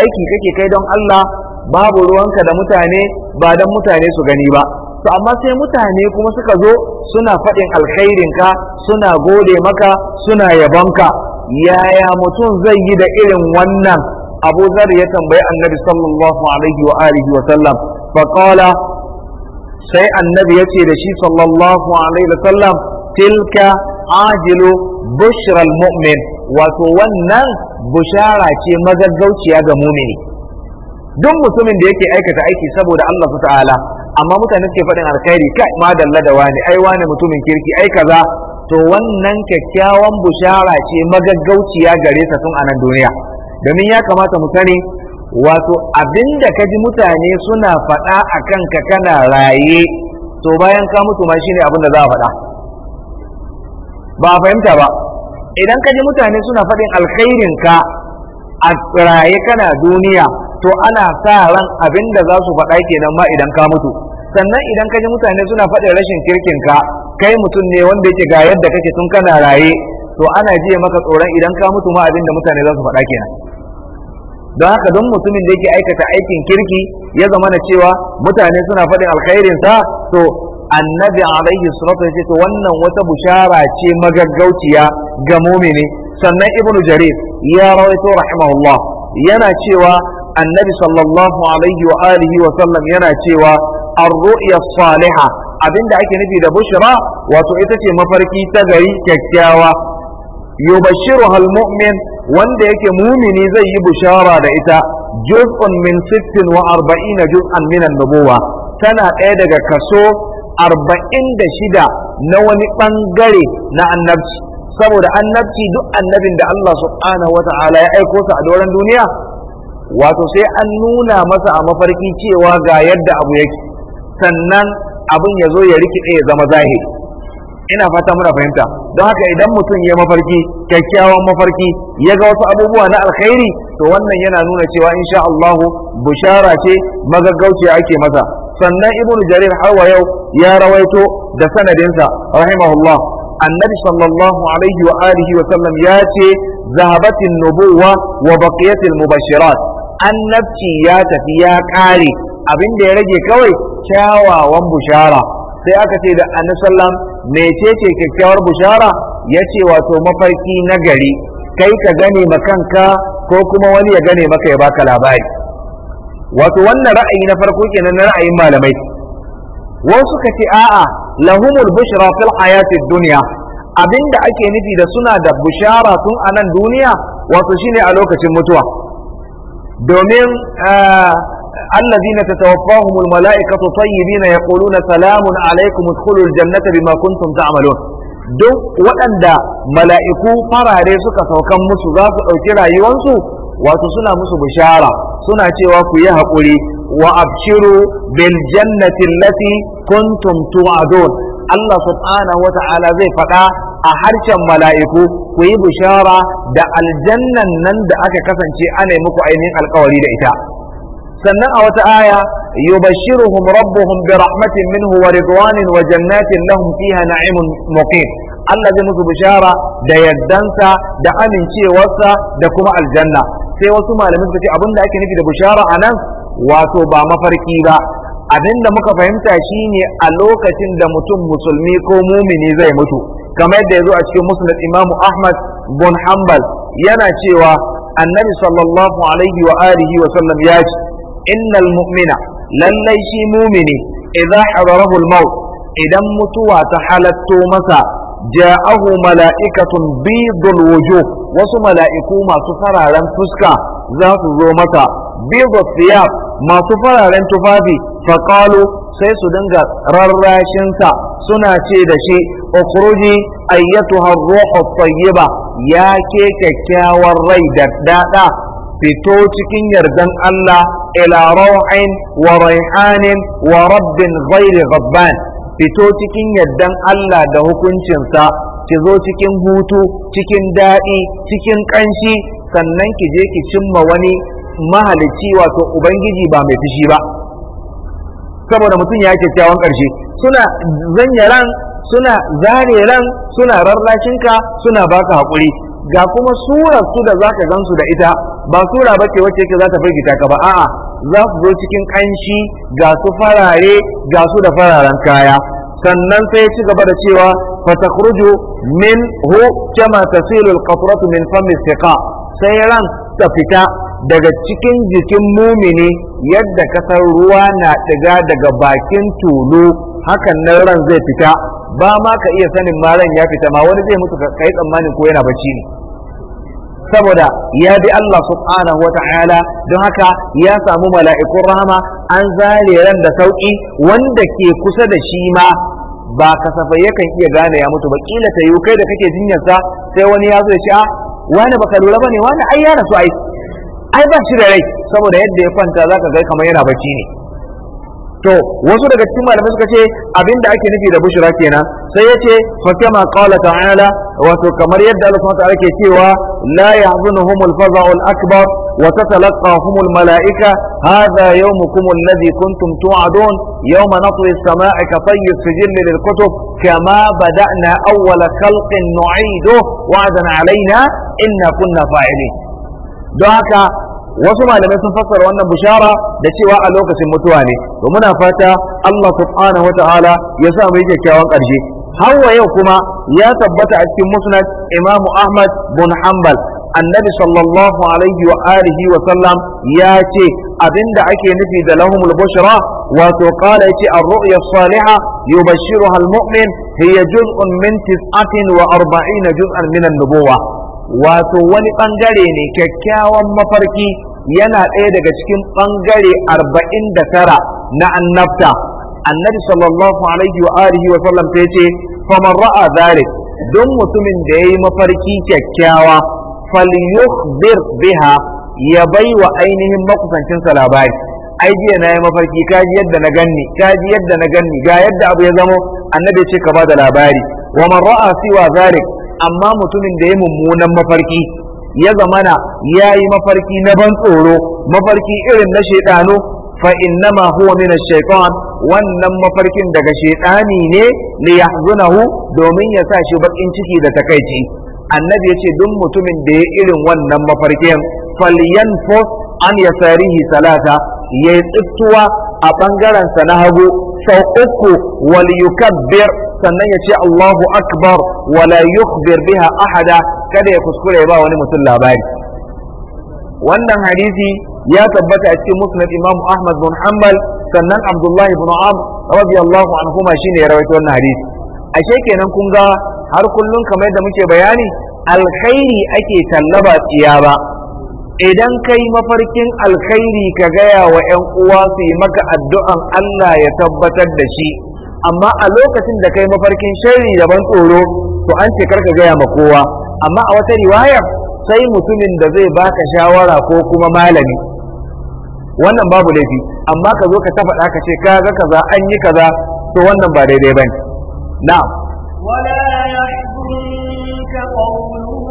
aiki kake kai don Allah babu ruwanka da mutane ba dan mutane su gani ba to amma sai mutane kuma suka zo suna faɗin alkhairinka suna gode maka suna yabonka yaya mutum zai yi da irin wannan abu zar ya tambayi annabi sallallahu alaihi wa alihi wa sallam faqala sai annabi ya ce da shi sallallahu alaihi wa sallam tilka ajilu bushral mu'min wato wannan bushara ce magaggauciya ga mumini duk mutumin da yake aikata aiki saboda Allah ta'ala amma mutane suke faɗin alkhairi kai ma dalla da wani ai wani mutumin kirki ai kaza to wannan kyakkyawan bushara ce magaggauciya gare ta tun a nan duniya domin ya kamata mu sani wato abinda ka ji mutane suna faɗa a kanka kana raye to bayan ka mutu ma shine abin da za a faɗa ba a fahimta ba idan ka ji mutane suna faɗin alkhairin ka a raye kana duniya to ana sa ran abin da za su faɗa kenan ma idan ka mutu sannan idan ka ji mutane suna faɗin rashin kirkin ka kai mutum ne wanda yake ga yadda kake tun kana raye to ana jiya maka tsoron idan ka mutu ma abin da mutane za su faɗa kenan don haka don mutumin da yake aikata aikin kirki ya zama na cewa mutane suna faɗin alkhairin sa to annabi alaihi salatu ya ce to wannan wata bushara ce magaggauciya ga mumini sannan ibnu jarir ya rawaito rahimahullah yana cewa annabi sallallahu alaihi wa alihi wa sallam yana cewa ar-ru'ya saliha abinda ake nufi da bushra wato ita ce mafarki ta gari kyakkyawa yubashiru al-mu'min wanda yake mumini zai yi bushara da ita juz'un min 46 juz'an min an-nubuwa tana ɗaya daga kaso 46 na wani bangare na annabci saboda annabci duk annabin da Allah subhanahu wa ta'ala ya aiko sa a doron duniya wato sai an nuna masa a mafarki cewa ga yadda abu yake sannan abin ya zo ya rikide ya zama zahiri ina fata muna fahimta don haka idan mutum ya mafarki kyakkyawan mafarki ya ga wasu abubuwa na alkhairi to wannan yana nuna cewa insha Allahu bushara ce magaggauciya ake masa sannan ibnu jarir har wa yau ya rawaito da sanadinsa rahimahullah annabi sallallahu alaihi wa alihi wa sallam ya ce zahabatin nubuwa wa baqiyatil mubashirat annabci ya tafi ya ƙare abin da ya rage kawai kyawawan bushara sai aka ce da mece mecece kyakkyawar bushara ya ce wato mafarki na gari kai ka gane makanka ko kuma wani ya gane maka ya baka labari wato wannan ra'ayi na farko kenan na ra'ayin malamai wasu ka ce a'a lahumul bushra fil hayatid dunya abinda ake nufi da suna da bushara tun a nan duniya wato shine a lokacin mutuwa domin eh, allazina tatawaffahumul mala'ikatu tayyibina yaquluna salamun alaikum udkhulul jannata bima ta ta'malun duk waɗanda mala'iku farare suka saukan musu za su ɗauki rayuwarsu wato suna musu bishara suna cewa ku yi haƙuri wa abshiru bil jannati allati kuntum tu'adun Allah subhanahu wa ta'ala zai faɗa a harshen mala'iku ku yi bishara da aljannan nan da aka kasance ana yi muku ainihin alkawari da ita sannan a wata aya yubashshiruhum rabbuhum bi rahmatin minhu wa ridwanin wa jannatin lahum fiha na'imun muqim Allah zai musu bishara da yaddansa da amincewarsa da kuma aljanna sai wasu malamai suka ce abin da ake nufi da bishara anan wato ba mafarki ba abinda muka fahimta shine a lokacin da mutum musulmi ko mumini zai mutu kamar yadda ya zo a cikin musnad imamu ahmad bin hanbal yana cewa annabi sallallahu alaihi wa alihi wa sallam ya ce innal mu'mina lallai shi mumini idza hadarahu al-maut idan mutuwa ta halatto masa ja'ahu mala'ikatun bidul wujuh wasu mala'iku masu fararen fuska za su zo masa bidul thiyab masu fararen tufafi faƙalo sai su dinga rarrashinsa suna ce da shi ukhruji ayyatu ruhu tayyiba ya ke kyakkyawar rai da dada fito cikin yardan Allah ila rauhin wa raihanin wa rabbin ghairi gabban fito cikin yardan Allah da hukuncinsa ki zo cikin hutu cikin daɗi cikin ƙanshi sannan ki je ki cimma wani mahalicci wato ubangiji ba mai fushi ba saboda mutum ya kyakkyawan ƙarshe suna zanya ran suna zare ran suna ka suna baka haƙuri ga kuma surar su da zaka gansu da ita ba sura ba ce wacce yake za ta firgita ka ba a'a za su zo cikin ƙanshi ga su farare ga su da fararen kaya sannan sai ci gaba da cewa fatakhruju min hu kama tasilu al min fami sai ran ta fita daga cikin jikin mumini yadda kasar ruwa na ɗiga daga bakin tulu hakan nan ran zai fita ba ma ka iya sanin ma ran ya fita ma wani zai mutu ka yi tsammanin ko yana bacci ne saboda ya bi Allah subhanahu wa ta'ala don haka ya samu mala'ikun rahama an zare ran da sauki wanda ke kusa da shi ma ba kasafai yakan iya gane ya mutu ba kila ta kai da kake jinyar sa, sai wani ya zo ya ce a ah, wani baka lura bane wani ai ya rasu ai ai ba shi da rai saboda yadda ya kwanta zaka ga kamar yana bacci ne to wasu daga cikin malamai suka ce abin da ake nufi da bushra kenan sai ya ce fa kama qala ta'ala wato kamar yadda Allah subhanahu ta'ala ke cewa la yahzunuhum al-faza'u al-akbar wa tatalaqahum al-mala'ika hadha yawmukum alladhi kuntum tu'adun yawma natwi as-sama'i ka tayyi sijil lil-kutub kama bada'na awwala khalqin nu'idu wa'dan 'alaina inna kunna fa'ilin don haka wasu malamai sun fassara wannan bushara da cewa a lokacin mutuwa ne to muna fata Allah subhanahu wataala ya sa mai kyakkyawan ƙarshe hawa yau kuma ya tabbata a cikin musnad Imam Ahmad bin Hanbal annabi sallallahu alaihi wa alihi wa sallam ya ce abinda ake nufi da lahumul bushra wato qala yace ar-ru'ya as-saliha yubashshiruha al-mu'min hiya juz'un min 49 juz'an min an-nubuwa wato wani bangare ne kyakkyawan mafarki yana ɗaya daga cikin ɓangare arba'in da tara na annabta annabi sallallahu alaihi wa alihi wa sallam ta ce faman ra'a zalik don mutumin da yayi mafarki kyakkyawa falyukhbir biha ya bai wa ainihin makusancinsa labari ai jiya na yi mafarki kaji yadda na ganni kaji yadda na ganni ga yadda abu ya zamo annabi ce ka bada labari wa man ra'a siwa zalik amma mutumin da ya mummunan mafarki ya zamana ya yi mafarki na ban tsoro mafarki irin na shaidano fa innama huwa min ash-shaytan wannan mafarkin daga shaidani ne li yahzunahu domin ya sa shi bakin ciki da takaici annabi ya ce duk mutumin da ya irin wannan mafarkin falyanfus an yasarihi salata ya yi tsittuwa a ɓangarensa na hagu sau uku wal yukabbir sannan ya ce Allahu akbar wala yukhbir biha ahada kada ya kuskure ba wani mutum labari wannan hadisi ya tabbata a cikin musnad imam ahmad bin hanbal sannan abdullahi bin amr radiyallahu anhu ma shine ya rawaito wannan hadisi ashe kenan kun ga har kullun kamar yadda muke bayani alkhairi ake tallaba tsiya ba idan kai mafarkin alkhairi ka gaya wa 'yan uwa su yi maka addu'an Allah ya tabbatar da shi amma a lokacin da kai mafarkin sharri daban tsoro to an ce karka gaya ma kowa amma a wata riwayar sai mutumin da zai baka shawara ko kuma malami wannan babu laifi amma ka zo ka ta faɗa ka ce ka ga kaza an yi kaza to wannan ba daidai bane na'am wala yahzunka qawluhum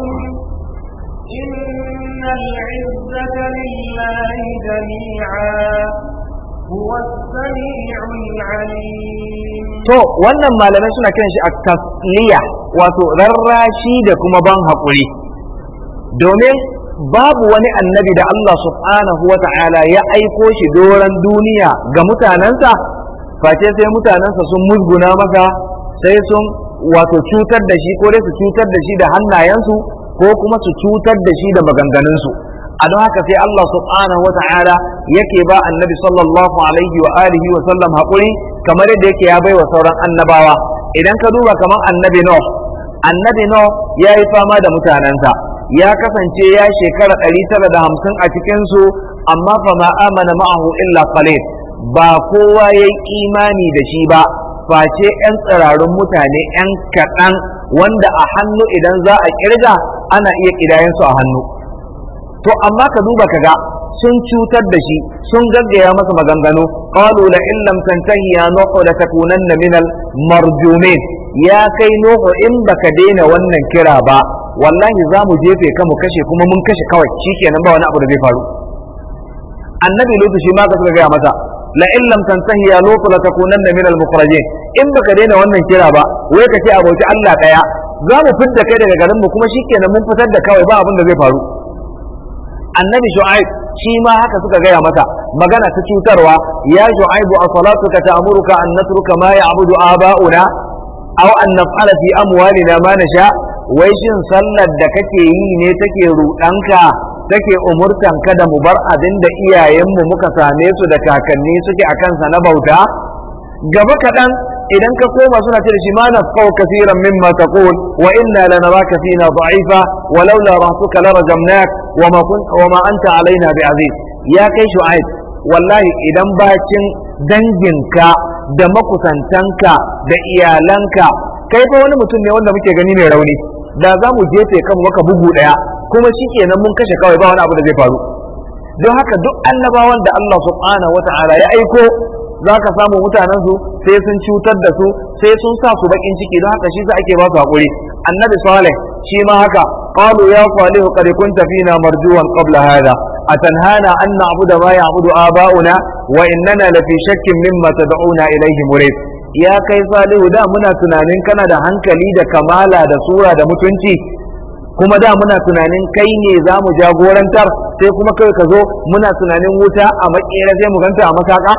innal 'izzata lillahi jami'a huwa as-sami'ul 'alim to wannan malamai suna kiran shi a tasliya wato rarrashi da kuma ban haƙuri domin babu wani annabi da Allah subhanahu wa ta'ala ya aiko shi doron duniya ga mutanensa face sai mutanensa sun musguna maka sai sun wato cutar da shi ko dai su cutar da shi da hannayensu ko kuma su cutar da shi da maganganunsu a don haka sai Allah subhanahu wa ta'ala yake ba annabi sallallahu alaihi wa alihi wa sallam haƙuri kamar yadda yake ya bai wa sauran annabawa idan ka duba kamar annabi no annabi no ya yi fama da mutanensa ya kasance ya shekara ɗari tara da hamsin a cikinsu amma fa ma amana ma'ahu illa qalil ba kowa ya yi imani da shi ba face 'yan tsirarun mutane 'yan kaɗan wanda a hannu idan za a kirga ana iya ƙidayensu a hannu to amma ka duba ka ga sun cutar da shi sun gaggaya masa maganganu qalu la in lam tantahi ya nuhu la takunanna min al marjumin ya kai nuhu in baka daina wannan kira ba wallahi za mu jefe ka mu kashe kuma mun kashe kawai shikenan ba wani abu da zai faru annabi lutu shi ma ka suka gaya masa la in lam tantahi ya lutu la takunanna min al mukhrajin in baka daina wannan kira ba wai ka ce abauci Allah daya za mu fitta kai daga garin mu kuma shikenan mun fitar da kawai ba abin da zai faru annabi shu'aib shi ma haka suka gaya mata magana ta cutarwa ya shu'aibu a salatuka ta'muruka an natruka ma ya'budu aba'una aw an naf'ala fi amwalina ma nasha wai shin sallar da kake yi ne take rudanka take umurtanka da mu bar abin da iyayenmu muka same su da kakanni suke a kansa na bauta gaba kaɗan idan ka koma suna ce da shi ma nafqahu kaseeran mimma taqul wa inna lanaraka fina da'ifa wa laula rahtuka larajamnak wa ma kunta wa ma anta alaina bi'aziz ya kai shu'aib wallahi idan bacin danginka da makusantanka da iyalanka kai ko wani mutum ne wanda muke gani mai rauni da za mu jefe kan maka bugu daya kuma shi kenan mun kashe kawai ba wani abu da zai faru don haka duk annabawan da Allah subhanahu wata'ala ya aiko za ka samu mutanen su sai sun cutar da su sai sun sa su bakin ciki don haka shi sa ake ba su hakuri annabi salih shi ma haka qalu ya salih qad kunta fina marjuwan qabla hada atanhana an na'budu ma ya'budu aba'una wa innana lafi shakkin mimma tad'una ilayhi murid ya kai salihu da muna tunanin kana da hankali da kamala da sura da mutunci kuma da muna tunanin kai ne za mu jagorantar sai kuma kai ka zo muna tunanin wuta a makera sai mu ganta a makaka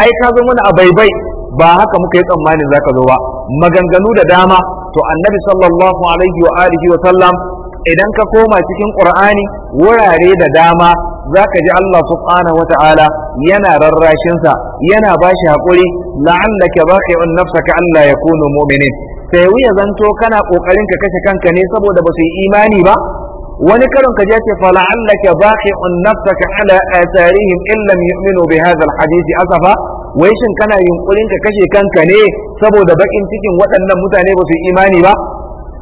ai ka zo mana a baibai ba haka muka yi tsammanin ka zo ba maganganu da dama to annabi sallallahu alaihi wa alihi wa sallam idan ka koma cikin qur'ani wurare da dama zaka ji Allah subhanahu wata'ala yana rarrashin sa yana bashi hakuri la'allaka baqi'un nafsaka Ya yakunu mu'minin sai wuya zanto kana kokarin ka kashe kanka ne saboda ba su yi imani ba wani karin ka ce fa la'allaka baqi'un nafsaka ala atharihim in lam yu'minu bi hadha alhadith asafa wai shin kana yunkurin ka kashe kanka ne saboda bakin cikin waɗannan mutane ba su imani ba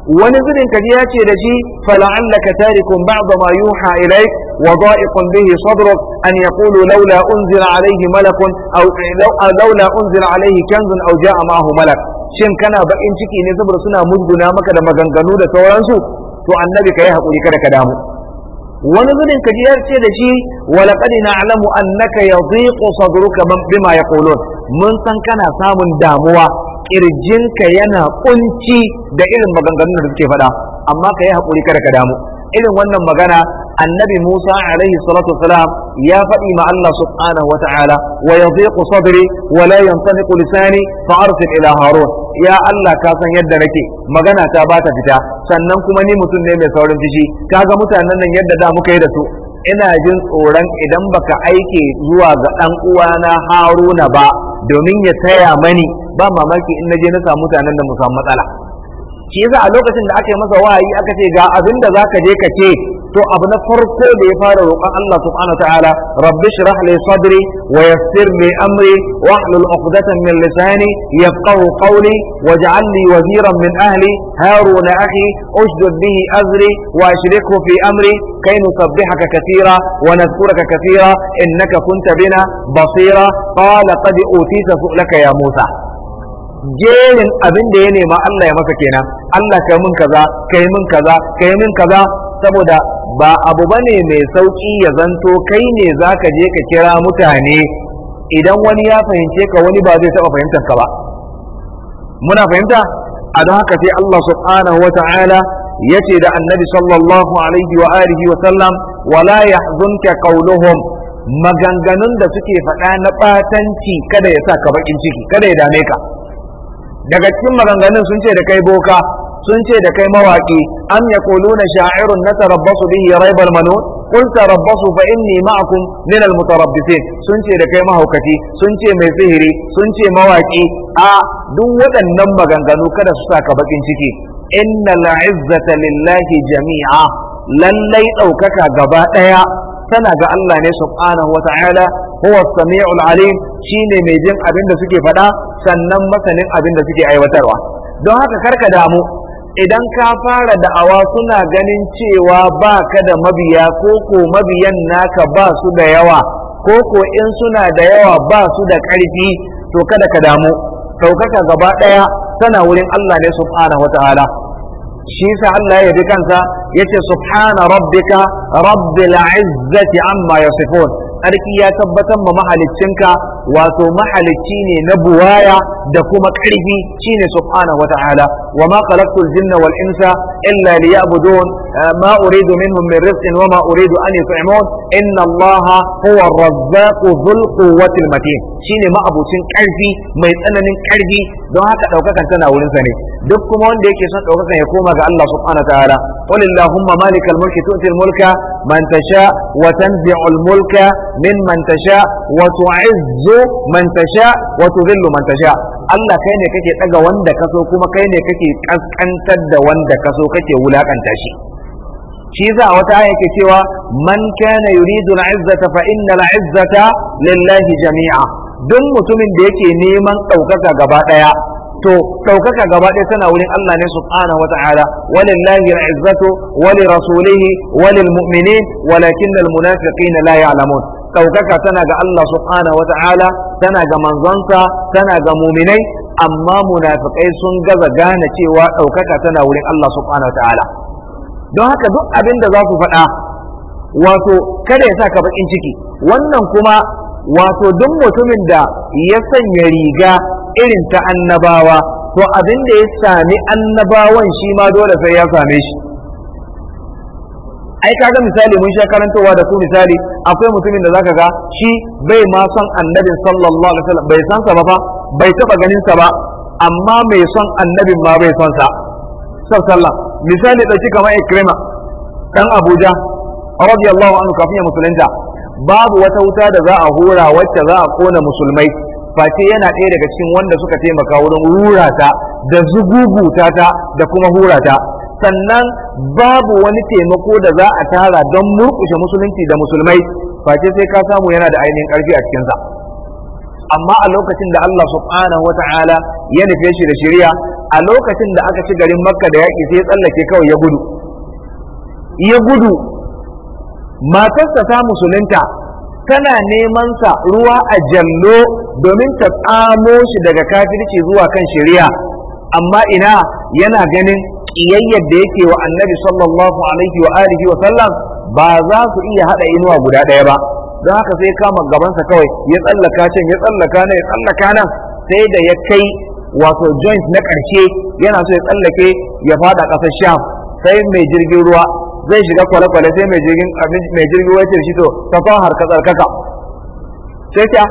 wani zubin ka ya ce da shi fala'allaka tarikun ba'da ma yuha ilaik wa dha'iqun bihi sadruk an yaqulu laula unzila alayhi malakun aw laula unzila alayhi kanzun aw ja'a ma'ahu malak shin kana bakin ciki ne saboda suna murguna maka da maganganu da sauransu to annabi ka yi haƙuri kada ka damu wani zubin ka jiyar ce da shi na alamu annaka yadhiqu sadruka bima yaqulun mun san kana samun damuwa kirjinka yana kunci da irin maganganun da suke faɗa amma ka yi haƙuri kada ka damu irin wannan magana annabi Musa alaihi salatu wasalam ya faɗi ma Allah subhanahu wa ta'ala wa yadhiqu sadri wa la yantahiqu lisani fa arsil ila harun ya Allah ka san yadda nake magana ta ba ta fita sannan kuma ni mutum ne mai saurin fishi kaga mutanen nan yadda da muka yi da su ina jin tsoron idan baka aike zuwa ga dan uwana Haruna ba domin ya taya mani ba mamaki in naje na samu mutanen da mu samu matsala shi yasa a lokacin da aka masa wahayi aka ce ga abin da zaka je ka ce to abu na farko da ya fara roƙon Allah subhanahu wa ta'ala rabbi shrah li sadri wa yassir li amri wa ahlul 'uqdatan min lisani yafqahu qawli waj'al li waziran min ahli haruna akhi ushdud bihi azri wa ashrikhu fi amri كي نسبحك كثيرا ونذكرك كثيرا إنك كنت بنا بصيرا قال قد أوتيت سؤلك يا موسى jerin abin da ya nema Allah ya masa kenan Allah kai mun kaza kai mun kaza kai mun kaza saboda ba abu bane mai sauƙi ya zanto kai ne zaka je ka kira mutane idan wani ya fahimce ka wani ba zai taba fahimtar ka ba muna fahimta a don haka sai Allah subhanahu wa ta'ala ce da annabi sallallahu alaihi wa alihi wa sallam wala yahzunka qawluhum maganganun da suke faɗa na ɓatanci kada ya sa ka bakin ciki kada ya dame ka daga cikin maganganun sun ce da kai boka sun ce da kai mawaki am yaquluna sha'irun natarabbasu bihi raibal manun qul tarabbasu fa inni ma'akum min al sun ce da kai mahaukaci sun ce mai sihiri sun ce mawaƙi. a duk waɗannan maganganu kada su saka bakin ciki inna izzata lillahi jami'a lallai ɗaukaka gaba ɗaya tana ga Allah ne subhanahu wa ta'ala huwa samiul alim shine mai jin abin da suke faɗa sannan masanin abin da suke aiwatarwa don haka karka damu idan ka fara da'awa suna ganin cewa ba ka da mabiya ko ko mabiyan naka ba su da yawa ko ko in suna da yawa ba su da ƙarfi to kada ka damu ɗaukaka gaba ɗaya tana wurin Allah ne subhanahu wa ta'ala shi sa Allah ya bi kansa yace subhana rabbika rabbil izzati amma yasifun sarki ya tabbatar ma mahaliccinka wato mahalicci ne na buwaya da kuma ƙarfi shine subhanahu wata'ala wa ma khalaqtu al-jinna wal insa illa liya'budun eh, ma uridu minhum min rizqin wa ma uridu an yut'imun inna allaha huwa ar-razzaqu dhul quwwati al-matin shine ma'abucin karfi mai tsananin ƙarfi don haka daukakan tana wurin sa ne duk kuma wanda yake son daukakan ya koma ga Allah subhanahu wata'ala qul allahumma malikal mulki tu'ti mulka man tasha wa mulka man tasha wa tuzillu man tasha Allah kai ne kake daga wanda kaso kuma kai ne kake kaskantar da wanda kaso kake wulakanta shi shi za wata aya yake cewa man kana yuridu al-izzata fa inna al-izzata lillahi jami'a duk mutumin da yake neman ɗaukaka gaba ɗaya to ɗaukaka gaba tana wurin Allah ne subhanahu wa ta'ala walillahi al-izzatu wa li rasulihi wa lil mu'minin walakin al-munafiqina la ya'lamun ɗaukaka tana ga Allah subhanahu wata'ala tana ga manzonsa tana ga muminai amma munafikai sun gaza gane cewa ɗaukaka tana wurin Allah subhanahu wata'ala don haka duk abin da za su faɗa wato kada ya sa ka baƙin ciki wannan kuma wato duk mutumin da ya sanya riga irin ta annabawa to abin da ya sami annabawan shi ma dole sai ya same shi ai ga misali mun sha karantowa da ku misali akwai mutumin da zaka ga shi bai ma son annabin sallallahu alaihi wasallam bai san sa ba bai taba ganin sa ba amma mai son annabin ma bai son sa sallallahu misali da shi kamar ikrima dan abuja radiyallahu anhu kafin musulunta babu wata wuta da za a hura wacce za a kona musulmai face yana ɗaya daga cikin wanda suka taimaka wurin rurata da zugugutata ta da kuma hurata. sannan babu wani taimako da za a tara don murkushe musulunci da musulmai face sai ka samu yana da ainihin ƙarfi a cikinsa amma a lokacin da Allah subhanahu wa ta'ala ya nufe shi da shirya a lokacin da aka ci garin makka da yaƙi sai ya tsallake kawai ya gudu ya gudu matarsa ta musulunta tana neman sa ruwa a jallo domin ta tsamo shi daga kafirci zuwa kan shari'a amma ina yana ganin ƙiyayyar da yake wa annabi sallallahu alaihi wa alihi wa sallam ba za su iya haɗa inuwa guda ɗaya ba don haka sai kama gabansa kawai ya tsallaka can ya tsallaka nan ya tsallaka nan sai da ya kai wato joint na ƙarshe yana so ya tsallake ya fada ƙasar sham sai mai jirgin ruwa zai shiga kwale-kwale sai mai jirgin mai jirgin ruwa ya shi to ta fahar ka tsarkaka sai ta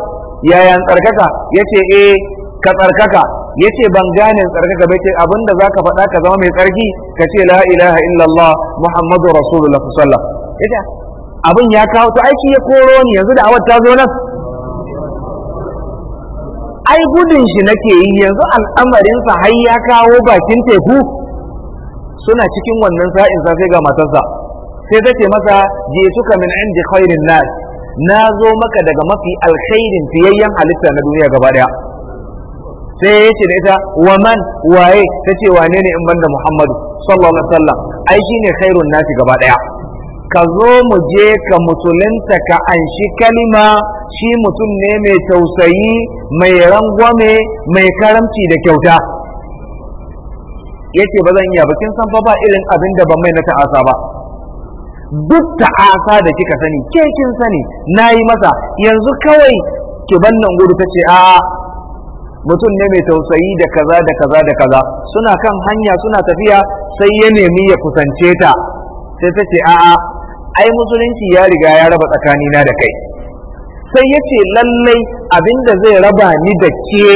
yayan tsarkaka yace eh ka tsarkaka yace ban gane tsarkaka bai ce abinda zaka faɗa ka zama mai tsarki ka ce la ilaha illallah muhammadu rasulullah sallallahu alaihi abin ya kawo to aiki ya koro ni yanzu da awar ta zo nan ai gudun shi nake yi yanzu al'amarinsa har ya kawo bakin teku suna cikin wannan sa'in sa sai ga matarsa sai ta ce masa je suka min indi khairin nas na zo maka daga mafi alkhairin fiyayyen halitta na duniya gaba daya sai ya ce da ita wa man waye ta ce wane ne in banda muhammadu sallallahu alaihi wasallam ai shine khairun nasi gaba daya ka zo mu je ka musulunta ka anshi kalima shi mutum ne mai tausayi mai rangwame mai karamci da kyauta yace ba zan iya ba kin san fa ba irin abin da ban mai na ta'asa ba duk ta'asa da kika sani ke kin sani nayi masa yanzu kawai ki bannan gudu tace a'a. mutum ne mai tausayi da kaza da kaza da kaza suna kan hanya suna tafiya sai ya nemi ya kusance ta sai ta ce a'a ai musulunci ya riga ya raba tsakani na da kai sai ya ce lallai abinda zai raba ni da ke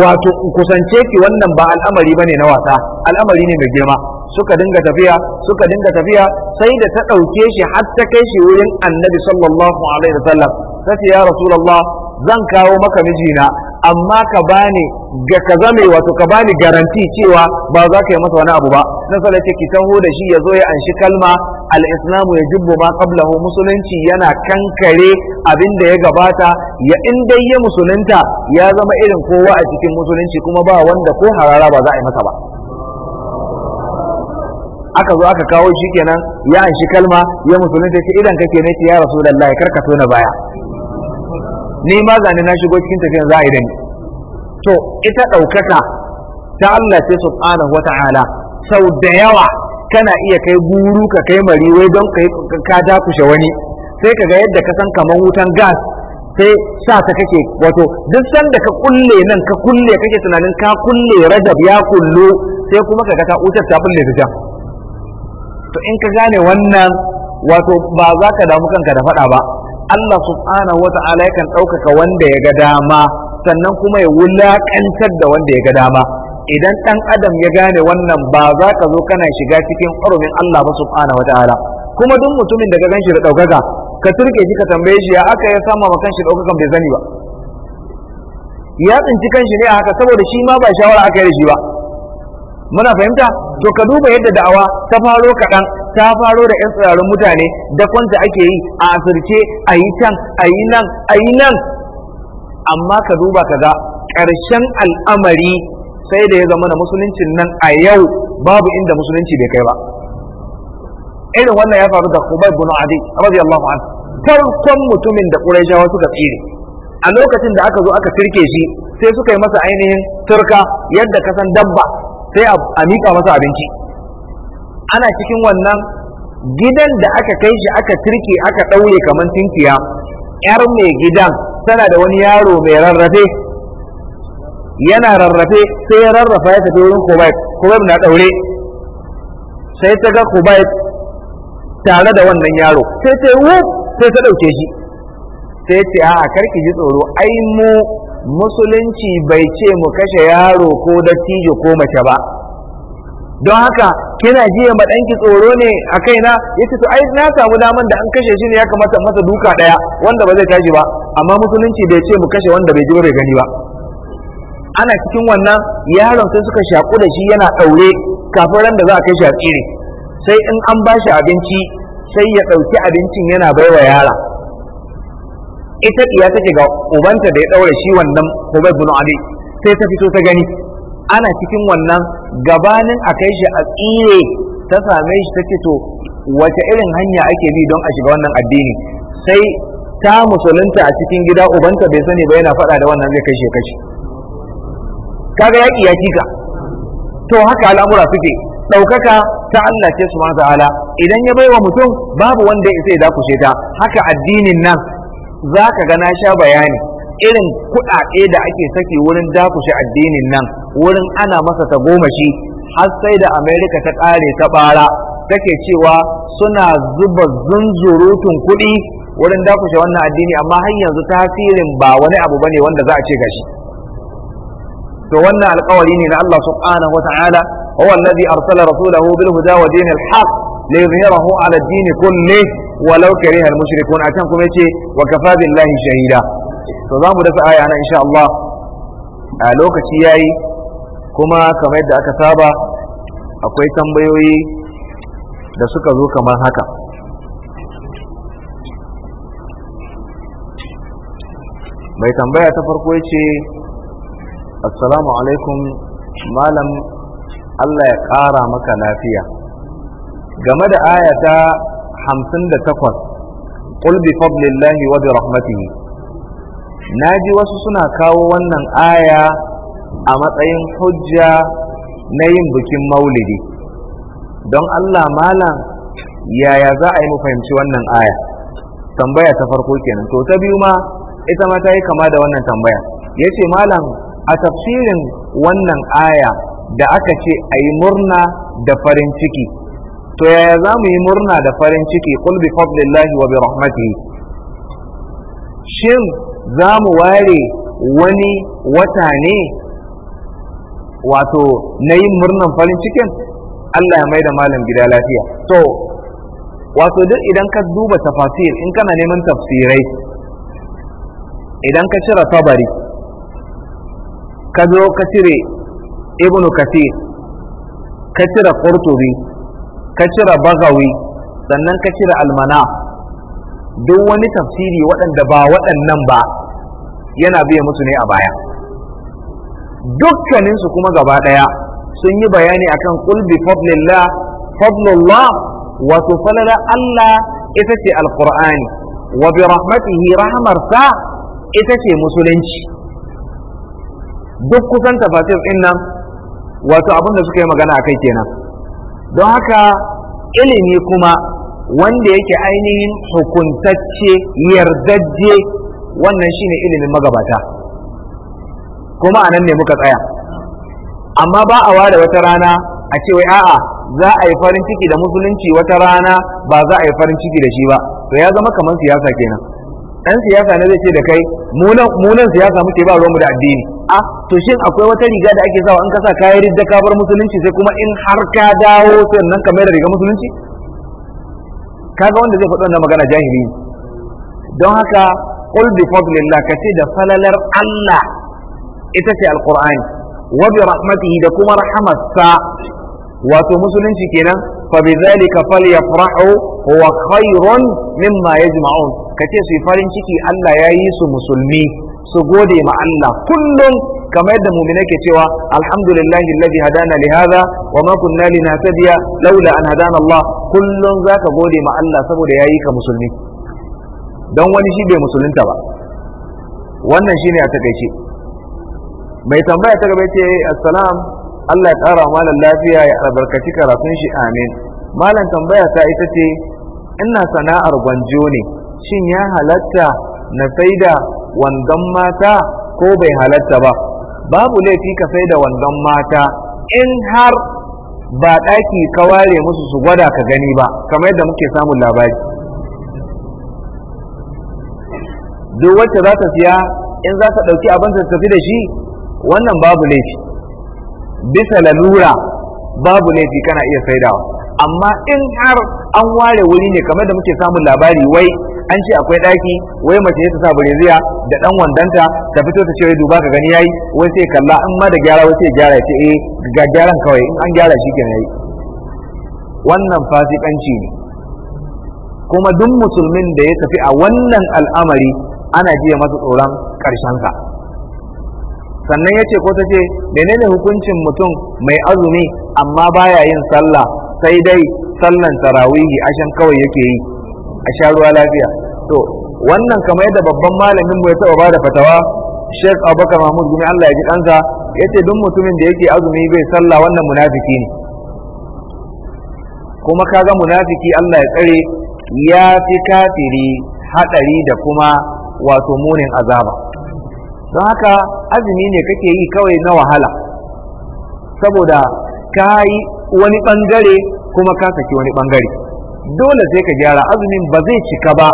wato kusance ki wannan ba al'amari bane na wasa al'amari ne mai girma suka dinga tafiya suka dinga tafiya sai da ta ɗauke shi har ta kai shi wurin annabi sallallahu alaihi wasallam ta ya rasulullah zan kawo maka mijina amma ka bani ga ka zame wato ka bani garanti cewa ba za ka yi masa wani abu ba na sa ce ki taho da shi ya zo ya anshi kalma al-islamu ya jibbo ma qablahu musulunci yana kankare abin da ya gabata ya in dai ya musulunta ya zama irin kowa a cikin musulunci kuma ba wanda ko harara ba za a yi masa ba aka zo aka kawo shi kenan ya anshi kalma ya musulunta ce idan kake ne ce ya rasulullahi karka tona baya ni ma zane na shigo cikin tafiya za a yi da ni to ita ɗaukaka ta Allah sai subhanahu wata'ala sau da yawa kana iya kai guru ka kai mari wai don ka dakushe wani sai ka yadda ka san kamar wutan gas sai sa ta kake wato duk sanda ka kulle nan ka kulle kake tunanin ka kulle rajab ya kullu sai kuma ka ga ta wutar ta kulle ta to in ka gane wannan wato ba za ka damu kanka da faɗa ba Allah subhanahu wata'ala yakan ɗaukaka wanda ya ga dama sannan kuma ya wulaƙantar da wanda ya ga dama idan ɗan adam ya gane wannan ba za ka zo kana shiga cikin ƙorumin Allah ba subhanahu wa ta'ala kuma duk mutumin da ka gan shi da ɗaukaka ka turke shi ka tambaye shi ya aka ya sama ma shi ɗaukakan bai zani ba ya tsinci kanshi ne a haka saboda shi ma ba shawara aka yi da shi ba muna fahimta to ka duba yadda da'awa ta faro kaɗan ta faro da 'yan tsirarun mutane da kwanta ake yi a asirce a yi can a yi nan a yi nan amma ka duba ka ga ƙarshen al'amari sai da ya zama na musuluncin nan a yau babu inda musulunci bai kai ba irin wannan ya faru da Khubay bin Adi radiyallahu anhu farkon mutumin da shawar suka tsire a lokacin da aka zo aka tirke shi sai suka yi masa ainihin turka yadda ka san dabba sai a mika masa abinci ana cikin wannan gidan da aka kai shi aka turke aka ɗauye kamar tinkiya yar mai gidan tana da wani yaro mai rarrafe yana rarrafe sai ya rarrafa ya tafi wurin kubayt kubayt na daure sai ta ga kubayt tare da wannan yaro sai ta wu sai ta dauke shi sai a'a a karki ji tsoro ai mu musulunci bai ce mu kashe yaro ko dattijo ko mace ba don haka kina jiya ma danki tsoro ne a kaina yace to ai na samu daman da an kashe shi ne ya kamata masa duka daya wanda ba zai tashi ba amma musulunci bai ce mu kashe wanda bai ji ba bai gani ba ana cikin wannan yaron sai suka shaku da shi yana daure kafin ran da za a kai a tsire sai in an ba shi abinci sai ya ɗauki abincin yana baiwa yara ita iya take ga ubanta da ya ɗaure shi wannan Hubayb bin Ali sai ta fito ta gani ana cikin wannan gabanin a kai shi a tsire ta same shi ta ce to wace irin hanya ake bi don a shiga wannan addini sai ta musulunta a cikin gida ubanta bai sani ba yana faɗa da wannan zai kai kashi kaga yaƙi ya kika to haka al'amura suke ɗaukaka ta Allah ce subhanahu ta'ala idan ya baiwa mutum babu wanda ya sai dakushe ta haka addinin nan za ka gana sha bayani irin kuɗaɗe da ake saki wurin dakushe addinin nan wurin ana masa ta goma shi har sai da amerika ta ƙare ta ɓara take cewa suna zuba zunzurutun kuɗi wurin dakushe wannan addini amma har yanzu tasirin ba wani abu bane wanda za a ce gashi to wannan alƙawari ne na Allah subhanahu wata'ala huwa alladhi arsala rasulahu bil huda wa dinil haqq liyuzhirahu ala ad-din kulli walau kariha al-mushrikun kuma yace wa kafa billahi shahida to za mu dasa aya nan insha Allah a lokaci yayi kuma kamar yadda aka saba akwai tambayoyi da suka zo kamar haka mai tambaya ta farko ce assalamu alaikum malam Allah ya ƙara maka lafiya game da ayata hamsin da takwas ƙul bi fadlillahi wa na ji wasu suna kawo wannan aya a matsayin hujja na yin bikin maulidi don allah malam yaya za a yi mu fahimci wannan aya tambaya ta farko kenan to ta biyu ma ita ma ta yi kama da wannan tambaya ya ce malam a tafsirin wannan aya da aka ce a yi murna da farin ciki to yaya za mu yi murna da farin ciki kul bi fadlillahi wa bi rahmatihi shin za mu ware wani wata ne wato na yin murnan farin cikin Allah ya mai da malam gida lafiya to wato duk idan ka duba tafasir in kana neman tafsirai idan ka cire tabari ka zo ka cire ibnu kasir ka cire qurtubi ka cire bazawi, sannan ka cire almana duk wani tafsiri waɗanda ba waɗannan ba yana biya musu ne a baya dukkaninsu kuma gaba ɗaya sun yi bayani akan qul bi fadlillah fadlullah wato falala Allah ita ce alqur'ani wa bi rahmatihi rahmarsa ita ce musulunci duk kusan tafasir din nan wato abin da suka yi magana akai kenan don haka ilimi kuma wanda yake ainihin hukuntacce yardajje wannan shine ilimin magabata kuma anan ne muka tsaya amma ba a ware wata rana a ce wai a'a za a yi farin ciki da musulunci wata rana ba za a yi farin ciki da shi ba to ya zama kamar siyasa kenan dan siyasa ne zai ce da kai munan siyasa muke ba ruwanmu da addini a to shin akwai wata riga da ake sawa in ka sa kayan ridda musulunci sai kuma in har ka dawo sannan ka mai da riga musulunci kaga wanda zai faɗi wannan magana jahili don haka qul bi fadlillah kace da falalar Allah ita ce alqur'ani wa bi rahmatihi da kuma rahamarsa wato musulunci kenan fa bi zalika falyafrahu huwa khairun mimma yajma'un kace su farin ciki Allah ya yi su musulmi su gode ma Allah kullum kamar yadda mu'mina ke cewa alhamdulillahi alladhi hadana li hadha wa ma kunna linahtadiya laula an hadana Allah kullum zaka gode ma Allah saboda yayi ka musulmi dan wani shi bai musulunta ba wannan shine a takaice mai tambaya ta gaba ce assalam Allah ya kara malam lafiya ya albarkaci karatun shi amin malam tambaya ta ita ce ina sana'ar gwanjo ne shin ya halatta na saida wandon mata ko bai halatta ba babu laifi ka sai da wandon mata in har ba ɗaki ka ware musu su gwada ka gani ba kamar yadda muke samun labari duk wacce za ta siya in za ta ɗauki abin ta tafi da shi wannan babu laifi bisa lalura babu laifi kana iya saidawa amma in har an ware wuri ne kamar da muke samun labari wai an ce akwai daki wai mace ta sa bureziya da dan wandanta ta fito ta ce wai duba ka gani yayi wai sai kalla an ma da gyara wai sai gyara ce eh ga gyaran kawai in an gyara shi kenan yayi wannan fasikanci ne kuma duk musulmin da ya tafi a wannan al'amari ana jiya masa tsoron sa sannan ya ce ko ta ce menene hukuncin mutum mai azumi amma baya yin sallah sai dai sallan tarawihi ashen kawai yake yi a sha ruwa lafiya to wannan kamar yadda babban malamin mu ya taba bada fatawa Sheikh Abubakar Mahmud gumi Allah ya ji kansa yace duk mutumin da yake azumi bai sallah wannan munafiki ne kuma kaga munafiki Allah ya tsare ya fi kafiri hadari da kuma wato munin azaba don haka azumi ne kake yi kawai na wahala saboda ka yi wani bangare kuma ka saki wani bangare dole sai ka gyara azumin ba zai cika ba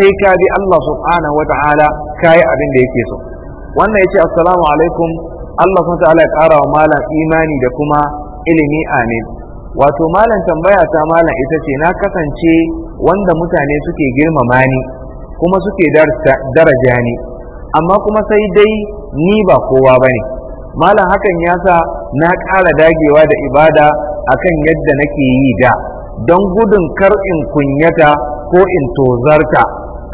sai ka bi Allah subhanahu wata'ala kayi abin da yake so wannan yace assalamu alaikum Allah subhanahu wata'ala ya ƙara wa malam imani da kuma ilimi amin wato malam tambaya ta malam ita ce na kasance wanda mutane suke girmama ni kuma suke daraja ni amma kuma sai dai ni ba kowa bane malam hakan ya sa na ƙara dagewa da ibada akan yadda nake yi da don gudun kar in kunyata ko in tozarta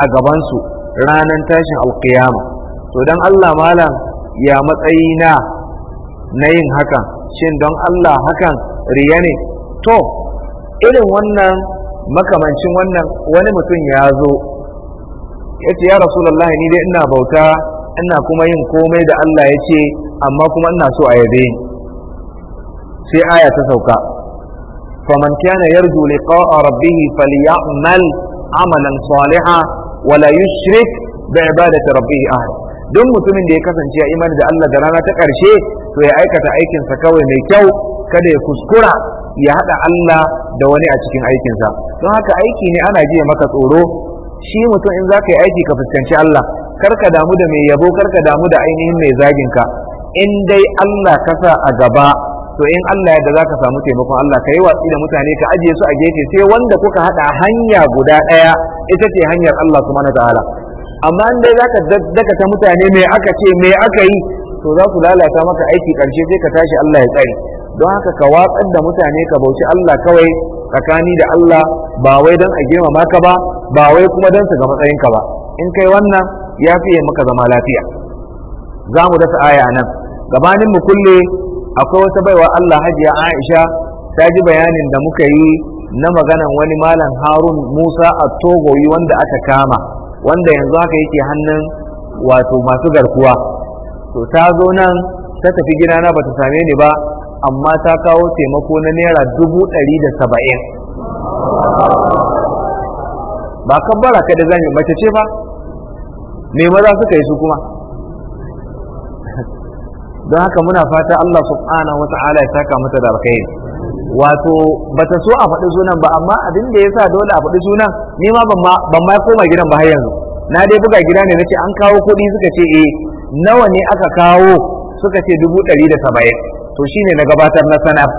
a gabansu ranar tashin alkiyama to don Allah malam ya matsayi na yin hakan shin don Allah hakan riya ne to irin wannan makamancin wannan wani mutum ya zo ya ce ya rasulallah ni dai ina bauta ina kuma yin komai da Allah ya ce amma kuma ina so a yabe sai aya ta sauka faman kana yarju liqa'a rabbih falyamal amalan salihan wala ibada bi ibadati rabbih ahad duk mutumin da ya kasance ya imani da Allah da rana ta ƙarshe to ya aikata aikinsa kawai mai kyau kada ya kuskura ya haɗa Allah da wani a cikin aikinsa don haka aiki ne ana ji ya maka tsoro shi mutum in za ka yi aiki ka fuskanci Allah kar ka damu da mai yabo kar ka damu da ainihin mai zagin ka in dai Allah ka sa a gaba to in Allah yadda ka samu taimakon Allah yi watsi da mutane ka ajiye su a gefe sai wanda kuka hada hanya guda daya ita ce hanyar Allah subhanahu ta'ala amma in dai zaka daddaka ta mutane me aka ce me aka yi to za ku lalata maka aiki karshe sai ka tashi Allah ya tsare don haka ka watsar da mutane ka bauci Allah kawai tsakani da Allah ba wai don a girmama ka ba ba wai kuma don su ga matsayinka ba in kai wannan ya fiye maka zama lafiya za mu dasa aya nan gabanin mu kulle akwai wata baiwa Allah hajiya Aisha ta ji bayanin da muka yi na maganan wani malam Harun Musa a Togoyi wanda aka kama wanda yanzu haka yake hannun wato masu garkuwa to ta zo nan ta tafi gina na bata same ni ba amma ta kawo taimako na naira dubu ɗari da saba'in ba kabbara ka da zan mace ce ba me maza suka yi su kuma don haka muna fata Allah subhanahu wa ta'ala ya saka mata da alkhairi wato bata so a faɗi sunan ba amma abin da yasa dole a faɗi sunan ni ma ban ma koma gidan ba har yanzu na dai buga gida ne nace an kawo kuɗi suka ce eh nawa ne aka kawo suka ce dubu ɗari da saba'in to shine na gabatar na sanar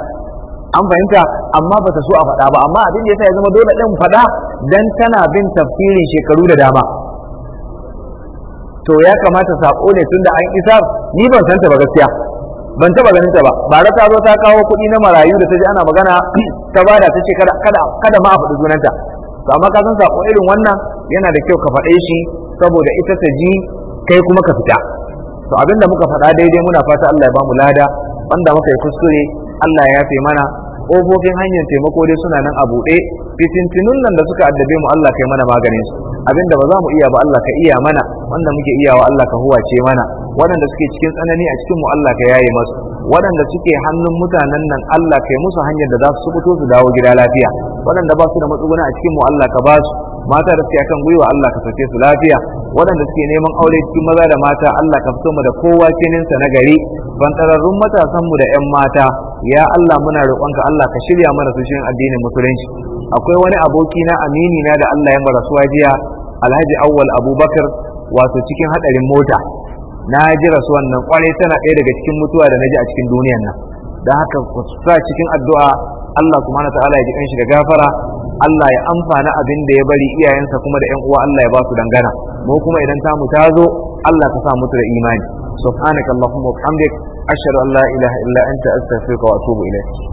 an fahimta amma bata so a faɗa ba amma abin da yasa ya zama dole ɗin faɗa dan tana bin tafsirin shekaru da dama to ya kamata sako ne da an isa, ni ban san ta ba gaskiya ban taba ganin ta ba ba ra ta zo ta kawo kuɗi na marayu da ta ji ana magana ta bada ta ce kada kada ma a faɗi sunanta to amma ka san sako irin wannan yana da kyau ka faɗe shi saboda ita ta ji kai kuma ka fita to abin da muka faɗa daidai muna fata Allah ya bamu lada wanda muka yi kuskure Allah ya yafe mana ƙofofin hanyar taimako dai suna nan a buɗe fitintinun nan da suka addabe mu Allah kai mana maganin su Abin da ba za mu iya ba Allah ka iya mana wanda muke iya wa Allah ka huwace mana waɗanda suke cikin tsanani a cikin mu Allah ka yaye masu waɗanda suke hannun mutanen nan Allah ka yi musu hanyar da za su fito su dawo gida lafiya waɗanda ba su da matsuguna a cikin mu Allah ka ba su mata da suke akan gwiwa Allah ka sake su lafiya waɗanda suke neman aure cikin maza da mata Allah ka fito mu da kowa kinin sa na gari bantararrun matasan mu da 'yan mata ya Allah muna roƙonka Allah ka shirya mana su cikin addinin musulunci akwai wani aboki na amini na da Allah ya mara suwa jiya alhaji awwal abubakar wato cikin hadarin mota na ji rasuwan nan kwarai tana ɗaya daga cikin mutuwa da na ji a cikin duniyan nan don haka ku sa cikin addu'a Allah subhanahu wa ta'ala ya ji kanshi da gafara Allah ya amfana abin da ya bari iyayensa kuma da 'yan uwa Allah ya ba su dangana mu kuma idan ta mu zo, Allah ka sa mutu da imani subhanakallahumma wa bihamdik ashhadu an la ilaha illa anta astaghfiruka wa atubu ilayk